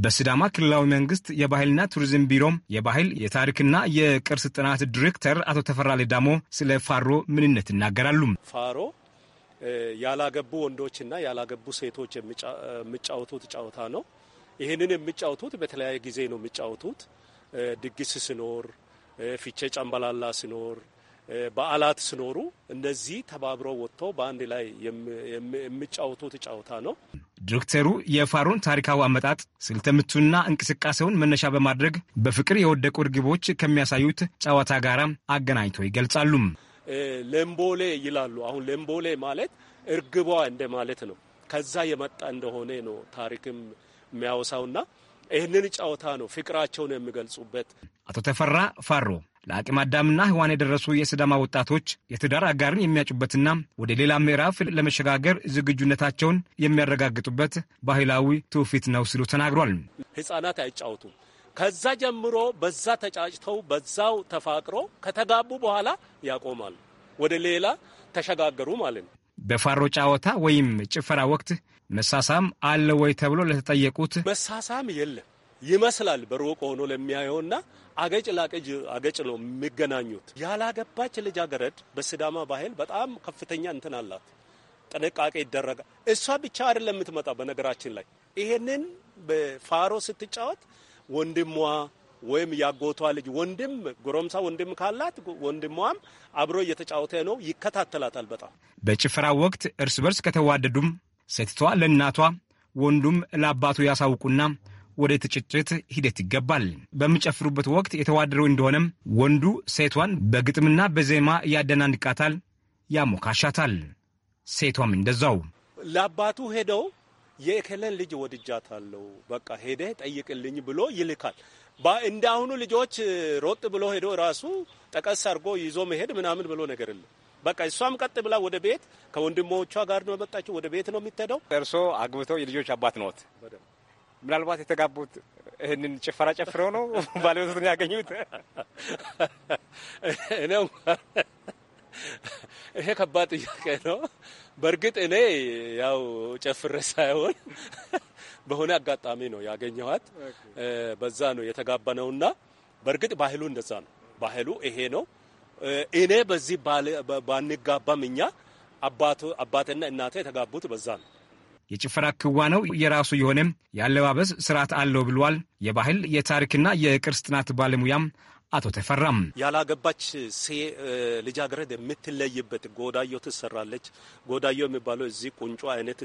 በስዳማ ክልላዊ መንግስት የባህልና ቱሪዝም ቢሮም የባህል የታሪክና የቅርስ ጥናት ዲሬክተር አቶ ተፈራ ሌዳሞ ስለ ፋሮ ምንነት ይናገራሉ። ፋሮ ያላገቡ ወንዶችና ያላገቡ ሴቶች የሚጫወቱት ጨዋታ ነው። ይህንን የሚጫወቱት በተለያየ ጊዜ ነው የሚጫወቱት። ድግስ ስኖር፣ ፊቼ ጨምባላላ ስኖር በዓላት ስኖሩ እነዚህ ተባብረው ወጥቶ በአንድ ላይ የሚጫወቱት ጨዋታ ነው። ዶክተሩ የፋሮን ታሪካዊ አመጣጥ ስልተምቱና እንቅስቃሴውን መነሻ በማድረግ በፍቅር የወደቁ እርግቦች ከሚያሳዩት ጨዋታ ጋር አገናኝቶ ይገልጻሉ። ሌምቦሌ ይላሉ። አሁን ሌምቦሌ ማለት እርግቧ እንደማለት ነው። ከዛ የመጣ እንደሆነ ነው ታሪክም የሚያወሳውና ይህንን ጨዋታ ነው ፍቅራቸውን የሚገልጹበት። አቶ ተፈራ ፋሮ ለአቅመ አዳምና ህዋን የደረሱ የስዳማ ወጣቶች የትዳር አጋርን የሚያጩበትና ወደ ሌላ ምዕራፍ ለመሸጋገር ዝግጁነታቸውን የሚያረጋግጡበት ባህላዊ ትውፊት ነው ሲሉ ተናግሯል። ህጻናት አይጫወቱም። ከዛ ጀምሮ በዛ ተጫጭተው በዛው ተፋቅሮ ከተጋቡ በኋላ ያቆማሉ። ወደ ሌላ ተሸጋገሩ ማለት ነው። በፋሮ ጨዋታ ወይም ጭፈራ ወቅት መሳሳም አለ ወይ ተብሎ ለተጠየቁት መሳሳም የለም ይመስላል በሩቅ ሆኖ ለሚያየውና አገጭ ላቀጅ አገጭ ነው የሚገናኙት። ያላገባች ልጃገረድ በስዳማ ባህል በጣም ከፍተኛ እንትን አላት፣ ጥንቃቄ ይደረጋል። እሷ ብቻ አይደለም የምትመጣ። በነገራችን ላይ ይሄንን በፋሮ ስትጫወት ወንድሟ ወይም ያጎቷ ልጅ ወንድም ጎረምሳ ወንድም ካላት ወንድሟም አብሮ እየተጫወተ ነው፣ ይከታተላታል በጣም በጭፈራ ወቅት እርስ በርስ ከተዋደዱም ሴትቷ ለእናቷ ወንዱም ለአባቱ ያሳውቁና ወደ ትጭጭት ሂደት ይገባል። በሚጨፍሩበት ወቅት የተዋደረው እንደሆነም ወንዱ ሴቷን በግጥምና በዜማ ያደናንቃታል፣ ያሞካሻታል። ሴቷም እንደዛው ለአባቱ ሄደው የእከለን ልጅ ወድጃታለሁ፣ በቃ ሄደህ ጠይቅልኝ ብሎ ይልካል። እንደ አሁኑ ልጆች ሮጥ ብሎ ሄዶ ራሱ ጠቀስ አድርጎ ይዞ መሄድ ምናምን ብሎ ነገር የለም። በቃ እሷም ቀጥ ብላ ወደ ቤት ከወንድሞቿ ጋር ነው የመጣችው። ወደ ቤት ነው የምትሄደው። እርሶ አግብተው የልጆች አባት ነዎት። ምናልባት የተጋቡት ይህንን ጭፈራ ጨፍረው ነው ባለቤቶትን ያገኙት? እኔ ይሄ ከባድ ጥያቄ ነው። በእርግጥ እኔ ያው ጨፍሬ ሳይሆን በሆነ አጋጣሚ ነው ያገኘኋት። በዛ ነው የተጋባ ነውና በእርግጥ ባህሉ እንደዛ ነው። ባህሉ ይሄ ነው። እኔ በዚህ ባንጋባም እኛ አባትና እናቴ የተጋቡት በዛ ነው። የጭፈራ ክዋኔው የራሱ የሆነ የአለባበስ ስርዓት አለው ብሏል። የባህል የታሪክና የቅርስ ጥናት ባለሙያም አቶ ተፈራም ያላገባች ሴ ልጃገረድ የምትለይበት ጎዳዮ ትሰራለች። ጎዳዮ የሚባለው እዚህ ቁንጮ አይነት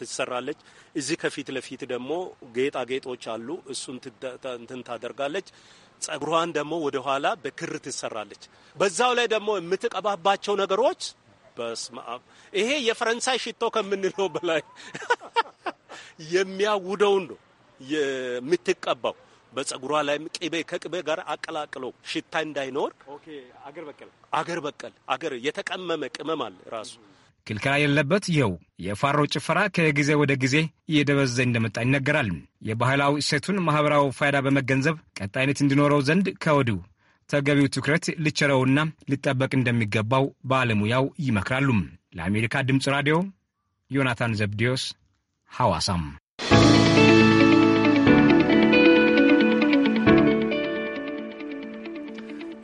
ትሰራለች። እዚህ ከፊት ለፊት ደግሞ ጌጣጌጦች አሉ። እሱን እንትን ታደርጋለች። ጸጉሯን ደግሞ ወደኋላ በክር ትሰራለች። በዛው ላይ ደግሞ የምትቀባባቸው ነገሮች በስመ አብ ይሄ የፈረንሳይ ሽቶ ከምንለው በላይ የሚያውደውን ነው የምትቀባው። በጸጉሯ ላይም ቅቤ ከቅቤ ጋር አቀላቅሎ ሽታ እንዳይኖር አገር በቀል አገር የተቀመመ ቅመም አለ ራሱ ክልከላ የሌለበት ይኸው የፋሮ ጭፈራ ከጊዜ ወደ ጊዜ እየደበዘ እንደመጣ ይነገራል። የባህላዊ እሴቱን ማኅበራዊ ፋይዳ በመገንዘብ ቀጣይነት እንዲኖረው ዘንድ ከወዲሁ ተገቢው ትኩረት ሊቸረውና ሊጠበቅ እንደሚገባው ባለሙያው ይመክራሉ። ለአሜሪካ ድምፅ ራዲዮ ዮናታን ዘብዲዮስ ሐዋሳም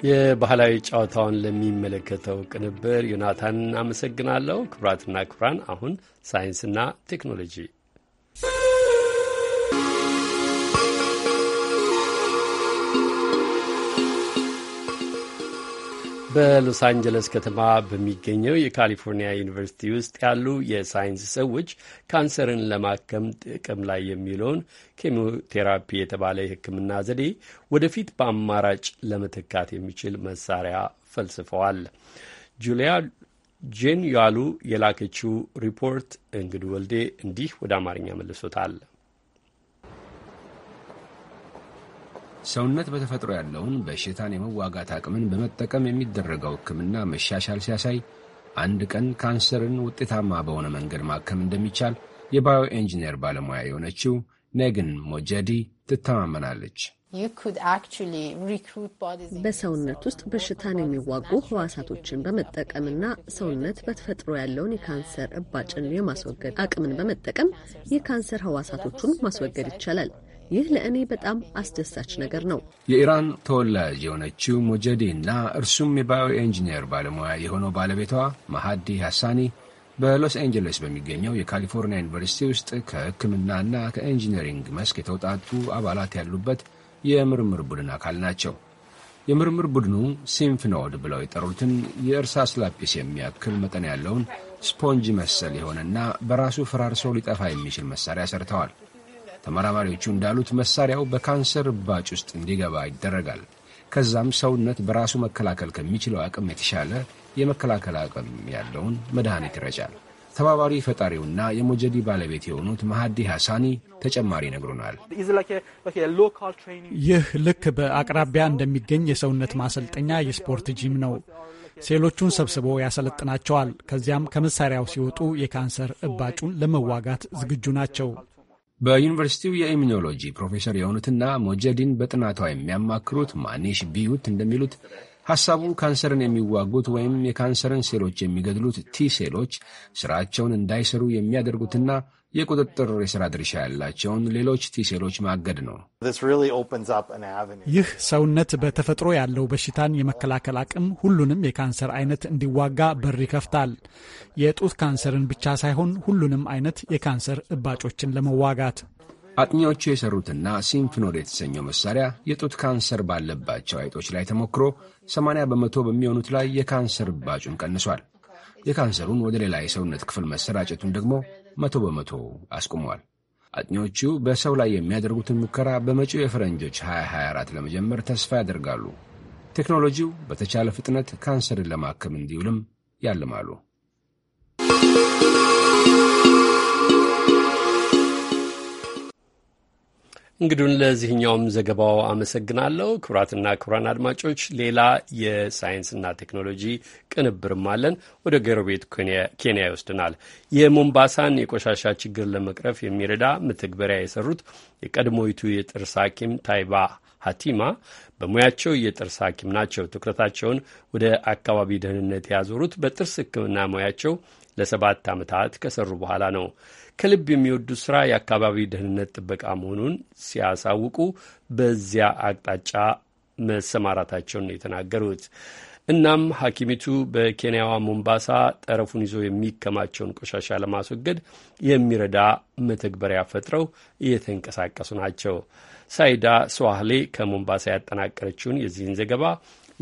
የባህላዊ ጨዋታውን ለሚመለከተው ቅንብር ዮናታን አመሰግናለሁ። ክብራትና ክብራን አሁን ሳይንስና ቴክኖሎጂ በሎስ አንጀለስ ከተማ በሚገኘው የካሊፎርኒያ ዩኒቨርሲቲ ውስጥ ያሉ የሳይንስ ሰዎች ካንሰርን ለማከም ጥቅም ላይ የሚለውን ኬሞቴራፒ የተባለ የሕክምና ዘዴ ወደፊት በአማራጭ ለመተካት የሚችል መሳሪያ ፈልስፈዋል። ጁሊያ ጄን ያሉ የላከችው ሪፖርት እንግድ ወልዴ እንዲህ ወደ አማርኛ መልሶታል። ሰውነት በተፈጥሮ ያለውን በሽታን የመዋጋት አቅምን በመጠቀም የሚደረገው ሕክምና መሻሻል ሲያሳይ አንድ ቀን ካንሰርን ውጤታማ በሆነ መንገድ ማከም እንደሚቻል የባዮ ኢንጂነር ባለሙያ የሆነችው ነግን ሞጀዲ ትተማመናለች። በሰውነት ውስጥ በሽታን የሚዋጉ ህዋሳቶችን በመጠቀምና ሰውነት በተፈጥሮ ያለውን የካንሰር እባጭን የማስወገድ አቅምን በመጠቀም የካንሰር ህዋሳቶቹን ማስወገድ ይቻላል። ይህ ለእኔ በጣም አስደሳች ነገር ነው። የኢራን ተወላጅ የሆነችው ሞጀዲ እና እርሱም የባዮ ኢንጂነር ባለሙያ የሆነው ባለቤቷ ማሃዲ ሐሳኒ በሎስ አንጀለስ በሚገኘው የካሊፎርኒያ ዩኒቨርሲቲ ውስጥ ከሕክምናና ከኢንጂነሪንግ መስክ የተውጣጡ አባላት ያሉበት የምርምር ቡድን አካል ናቸው። የምርምር ቡድኑ ሲምፍኖድ ብለው የጠሩትን የእርሳስ ላጲስ የሚያክል መጠን ያለውን ስፖንጅ መሰል የሆነና በራሱ ፈራርሶ ሊጠፋ የሚችል መሳሪያ ሰርተዋል። ተመራማሪዎቹ እንዳሉት መሳሪያው በካንሰር እባጭ ውስጥ እንዲገባ ይደረጋል። ከዛም ሰውነት በራሱ መከላከል ከሚችለው አቅም የተሻለ የመከላከል አቅም ያለውን መድኃኒት ይረጫል። ተባባሪ ፈጣሪውና የሞጀዲ ባለቤት የሆኑት መሀዲ ሐሳኒ ተጨማሪ ነግሮናል። ይህ ልክ በአቅራቢያ እንደሚገኝ የሰውነት ማሰልጠኛ የስፖርት ጂም ነው። ሴሎቹን ሰብስቦ ያሰለጥናቸዋል። ከዚያም ከመሳሪያው ሲወጡ የካንሰር እባጩን ለመዋጋት ዝግጁ ናቸው። በዩኒቨርሲቲው የኢሚኖሎጂ ፕሮፌሰር የሆኑትና ሞጀዲን በጥናቷ የሚያማክሩት ማኒሽ ቢዩት እንደሚሉት ሐሳቡ ካንሰርን የሚዋጉት ወይም የካንሰርን ሴሎች የሚገድሉት ቲ ሴሎች ሥራቸውን እንዳይሰሩ የሚያደርጉትና የቁጥጥር የሥራ ድርሻ ያላቸውን ሌሎች ቲሴሎች ማገድ ነው። ይህ ሰውነት በተፈጥሮ ያለው በሽታን የመከላከል አቅም ሁሉንም የካንሰር አይነት እንዲዋጋ በር ይከፍታል። የጡት ካንሰርን ብቻ ሳይሆን ሁሉንም አይነት የካንሰር እባጮችን ለመዋጋት አጥኚዎቹ የሰሩትና ሲምፍኖድ የተሰኘው መሳሪያ የጡት ካንሰር ባለባቸው አይጦች ላይ ተሞክሮ 80 በመቶ በሚሆኑት ላይ የካንሰር እባጩን ቀንሷል። የካንሰሩን ወደ ሌላ የሰውነት ክፍል መሰራጨቱን ደግሞ መቶ በመቶ አስቁሟል። አጥኚዎቹ በሰው ላይ የሚያደርጉትን ሙከራ በመጪው የፈረንጆች 2024 ለመጀመር ተስፋ ያደርጋሉ። ቴክኖሎጂው በተቻለ ፍጥነት ካንሰርን ለማከም እንዲውልም ያልማሉ። እንግዱን ለዚህኛውም ዘገባው አመሰግናለሁ። ክቡራትና ክቡራን አድማጮች ሌላ የሳይንስና ቴክኖሎጂ ቅንብርም አለን። ወደ ጎረቤት ኬንያ ይወስድናል። የሞምባሳን የቆሻሻ ችግር ለመቅረፍ የሚረዳ መተግበሪያ የሰሩት የቀድሞይቱ የጥርስ ሐኪም ታይባ ሀቲማ በሙያቸው የጥርስ ሐኪም ናቸው። ትኩረታቸውን ወደ አካባቢ ደህንነት ያዞሩት በጥርስ ሕክምና ሙያቸው ለሰባት ዓመታት ከሰሩ በኋላ ነው። ከልብ የሚወዱት ስራ የአካባቢ ደህንነት ጥበቃ መሆኑን ሲያሳውቁ በዚያ አቅጣጫ መሰማራታቸውን ነው የተናገሩት። እናም ሐኪሚቱ በኬንያዋ ሞምባሳ ጠረፉን ይዞ የሚከማቸውን ቆሻሻ ለማስወገድ የሚረዳ መተግበሪያ ፈጥረው እየተንቀሳቀሱ ናቸው። ሳይዳ ስዋህሌ ከሞምባሳ ያጠናቀረችውን የዚህን ዘገባ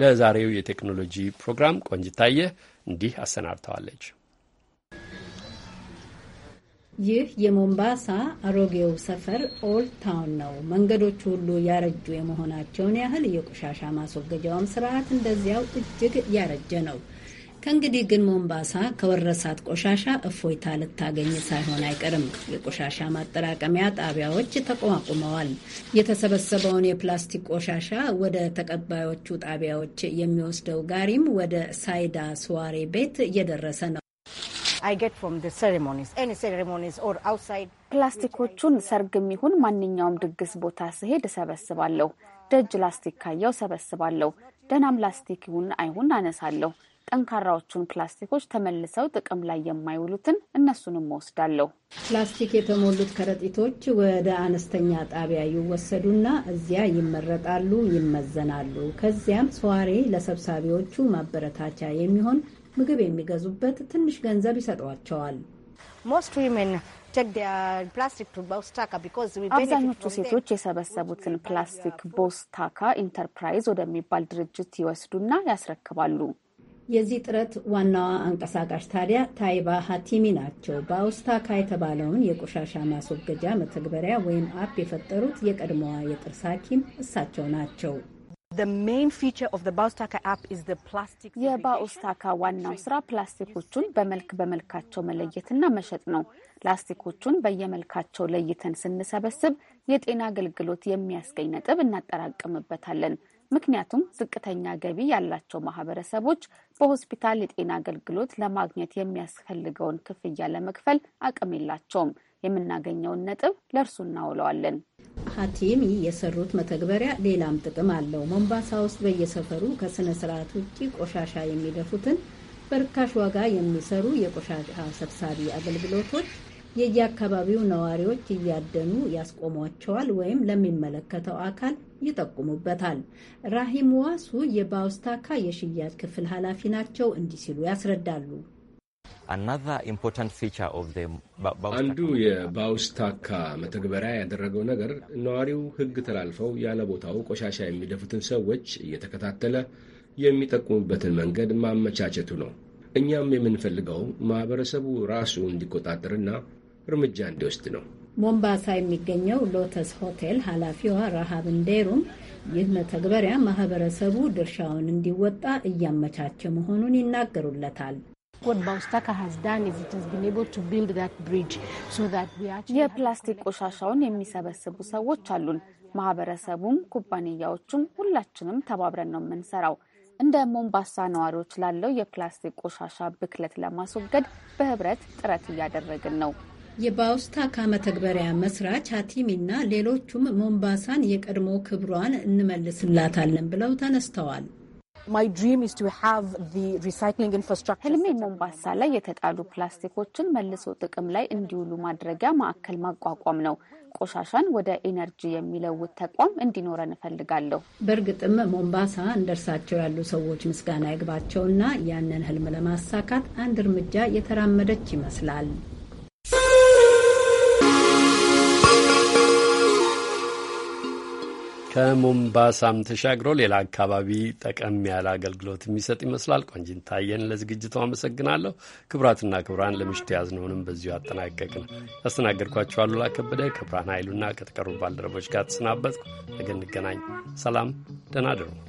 ለዛሬው የቴክኖሎጂ ፕሮግራም ቆንጅታየ እንዲህ አሰናድተዋለች። ይህ የሞምባሳ አሮጌው ሰፈር ኦልድ ታውን ነው። መንገዶቹ ሁሉ ያረጁ የመሆናቸውን ያህል የቆሻሻ ማስወገጃውም ስርዓት እንደዚያው እጅግ ያረጀ ነው። ከእንግዲህ ግን ሞምባሳ ከወረሳት ቆሻሻ እፎይታ ልታገኝ ሳይሆን አይቀርም። የቆሻሻ ማጠራቀሚያ ጣቢያዎች ተቋቁመዋል። የተሰበሰበውን የፕላስቲክ ቆሻሻ ወደ ተቀባዮቹ ጣቢያዎች የሚወስደው ጋሪም ወደ ሳይዳ ስዋሬ ቤት እየደረሰ ነው። ፕላስቲኮቹን ሰርግም ይሁን ማንኛውም ድግስ ቦታ ስሄድ እሰበስባለሁ። ደጅ ላስቲክ ካየው እሰበስባለሁ። ደናም ላስቲክ ይሁን አይሁን አነሳለሁ። ጠንካራዎቹን ፕላስቲኮች ተመልሰው ጥቅም ላይ የማይውሉትን እነሱንም መወስዳለሁ ፕላስቲክ የተሞሉት ከረጢቶች ወደ አነስተኛ ጣቢያ ይወሰዱና እዚያ ይመረጣሉ፣ ይመዘናሉ። ከዚያም ሰዋሬ ለሰብሳቢዎቹ ማበረታቻ የሚሆን ምግብ የሚገዙበት ትንሽ ገንዘብ ይሰጧቸዋል። አብዛኞቹ ሴቶች የሰበሰቡትን ፕላስቲክ ቦስታካ ኢንተርፕራይዝ ወደሚባል ድርጅት ይወስዱና ያስረክባሉ። የዚህ ጥረት ዋናዋ አንቀሳቃሽ ታዲያ ታይባ ሀቲሚ ናቸው። በአውስታካ የተባለውን የቆሻሻ ማስወገጃ መተግበሪያ ወይም አፕ የፈጠሩት የቀድሞዋ የጥርስ ሐኪም እሳቸው ናቸው። የባኡስታካ ዋናው ስራ ፕላስቲኮቹን በመልክ በመልካቸው መለየትና መሸጥ ነው። ፕላስቲኮቹን በየመልካቸው ለይተን ስንሰበስብ የጤና አገልግሎት የሚያስገኝ ነጥብ እናጠራቅምበታለን። ምክንያቱም ዝቅተኛ ገቢ ያላቸው ማህበረሰቦች በሆስፒታል የጤና አገልግሎት ለማግኘት የሚያስፈልገውን ክፍያ ለመክፈል አቅም የላቸውም። የምናገኘውን ነጥብ ለእርሱ እናውለዋለን። ሀቲሚ የሰሩት መተግበሪያ ሌላም ጥቅም አለው። ሞምባሳ ውስጥ በየሰፈሩ ከስነ ስርዓት ውጭ ቆሻሻ የሚደፉትን በርካሽ ዋጋ የሚሰሩ የቆሻሻ ሰብሳቢ አገልግሎቶች የየአካባቢው ነዋሪዎች እያደኑ ያስቆሟቸዋል ወይም ለሚመለከተው አካል ይጠቁሙበታል። ራሂም ዋሱ የባውስታካ የሽያጭ ክፍል ኃላፊ ናቸው። እንዲህ ሲሉ ያስረዳሉ። አንዱ የባውስታካ መተግበሪያ ያደረገው ነገር ነዋሪው ሕግ ተላልፈው ያለ ቦታው ቆሻሻ የሚደፉትን ሰዎች እየተከታተለ የሚጠቁሙበትን መንገድ ማመቻቸቱ ነው። እኛም የምንፈልገው ማህበረሰቡ ራሱ እንዲቆጣጠርና እርምጃ እንዲወስድ ነው። ሞምባሳ የሚገኘው ሎተስ ሆቴል ኃላፊዋ ረሃብ እንዴሩም ይህ መተግበሪያ ማህበረሰቡ ድርሻውን እንዲወጣ እያመቻቸ መሆኑን ይናገሩለታል። የፕላስቲክ ቆሻሻውን የሚሰበስቡ ሰዎች አሉን። ማህበረሰቡም፣ ኩባንያዎቹም ሁላችንም ተባብረን ነው የምንሰራው። እንደ ሞምባሳ ነዋሪዎች ላለው የፕላስቲክ ቆሻሻ ብክለት ለማስወገድ በህብረት ጥረት እያደረግን ነው። የባውስታካ መተግበሪያ መስራች ሀቲሚና ሌሎቹም ሞምባሳን የቀድሞ ክብሯን እንመልስላታለን ብለው ተነስተዋል። ህልሜ ሞምባሳ ላይ የተጣሉ ፕላስቲኮችን መልሶ ጥቅም ላይ እንዲውሉ ማድረጊያ ማዕከል ማቋቋም ነው። ቆሻሻን ወደ ኤነርጂ የሚለውጥ ተቋም እንዲኖረን እፈልጋለሁ። በእርግጥም ሞምባሳ እንደ እርሳቸው ያሉ ሰዎች ምስጋና ይግባቸውና ያንን ህልም ለማሳካት አንድ እርምጃ የተራመደች ይመስላል። ከሞምባሳም ተሻግሮ ሌላ አካባቢ ጠቀም ያለ አገልግሎት የሚሰጥ ይመስላል። ቆንጂን ታየን ለዝግጅቱ አመሰግናለሁ። ክቡራትና ክቡራን ለምሽቱ ያዝነውንም በዚሁ አጠናቀቅን። ያስተናገድኳቸው አሉላ ከበደ ከብርሃን ኃይሉና ከተቀሩ ባልደረቦች ጋር ተሰናበትኩ። ነገ እንገናኝ። ሰላም፣ ደህና እደሩ።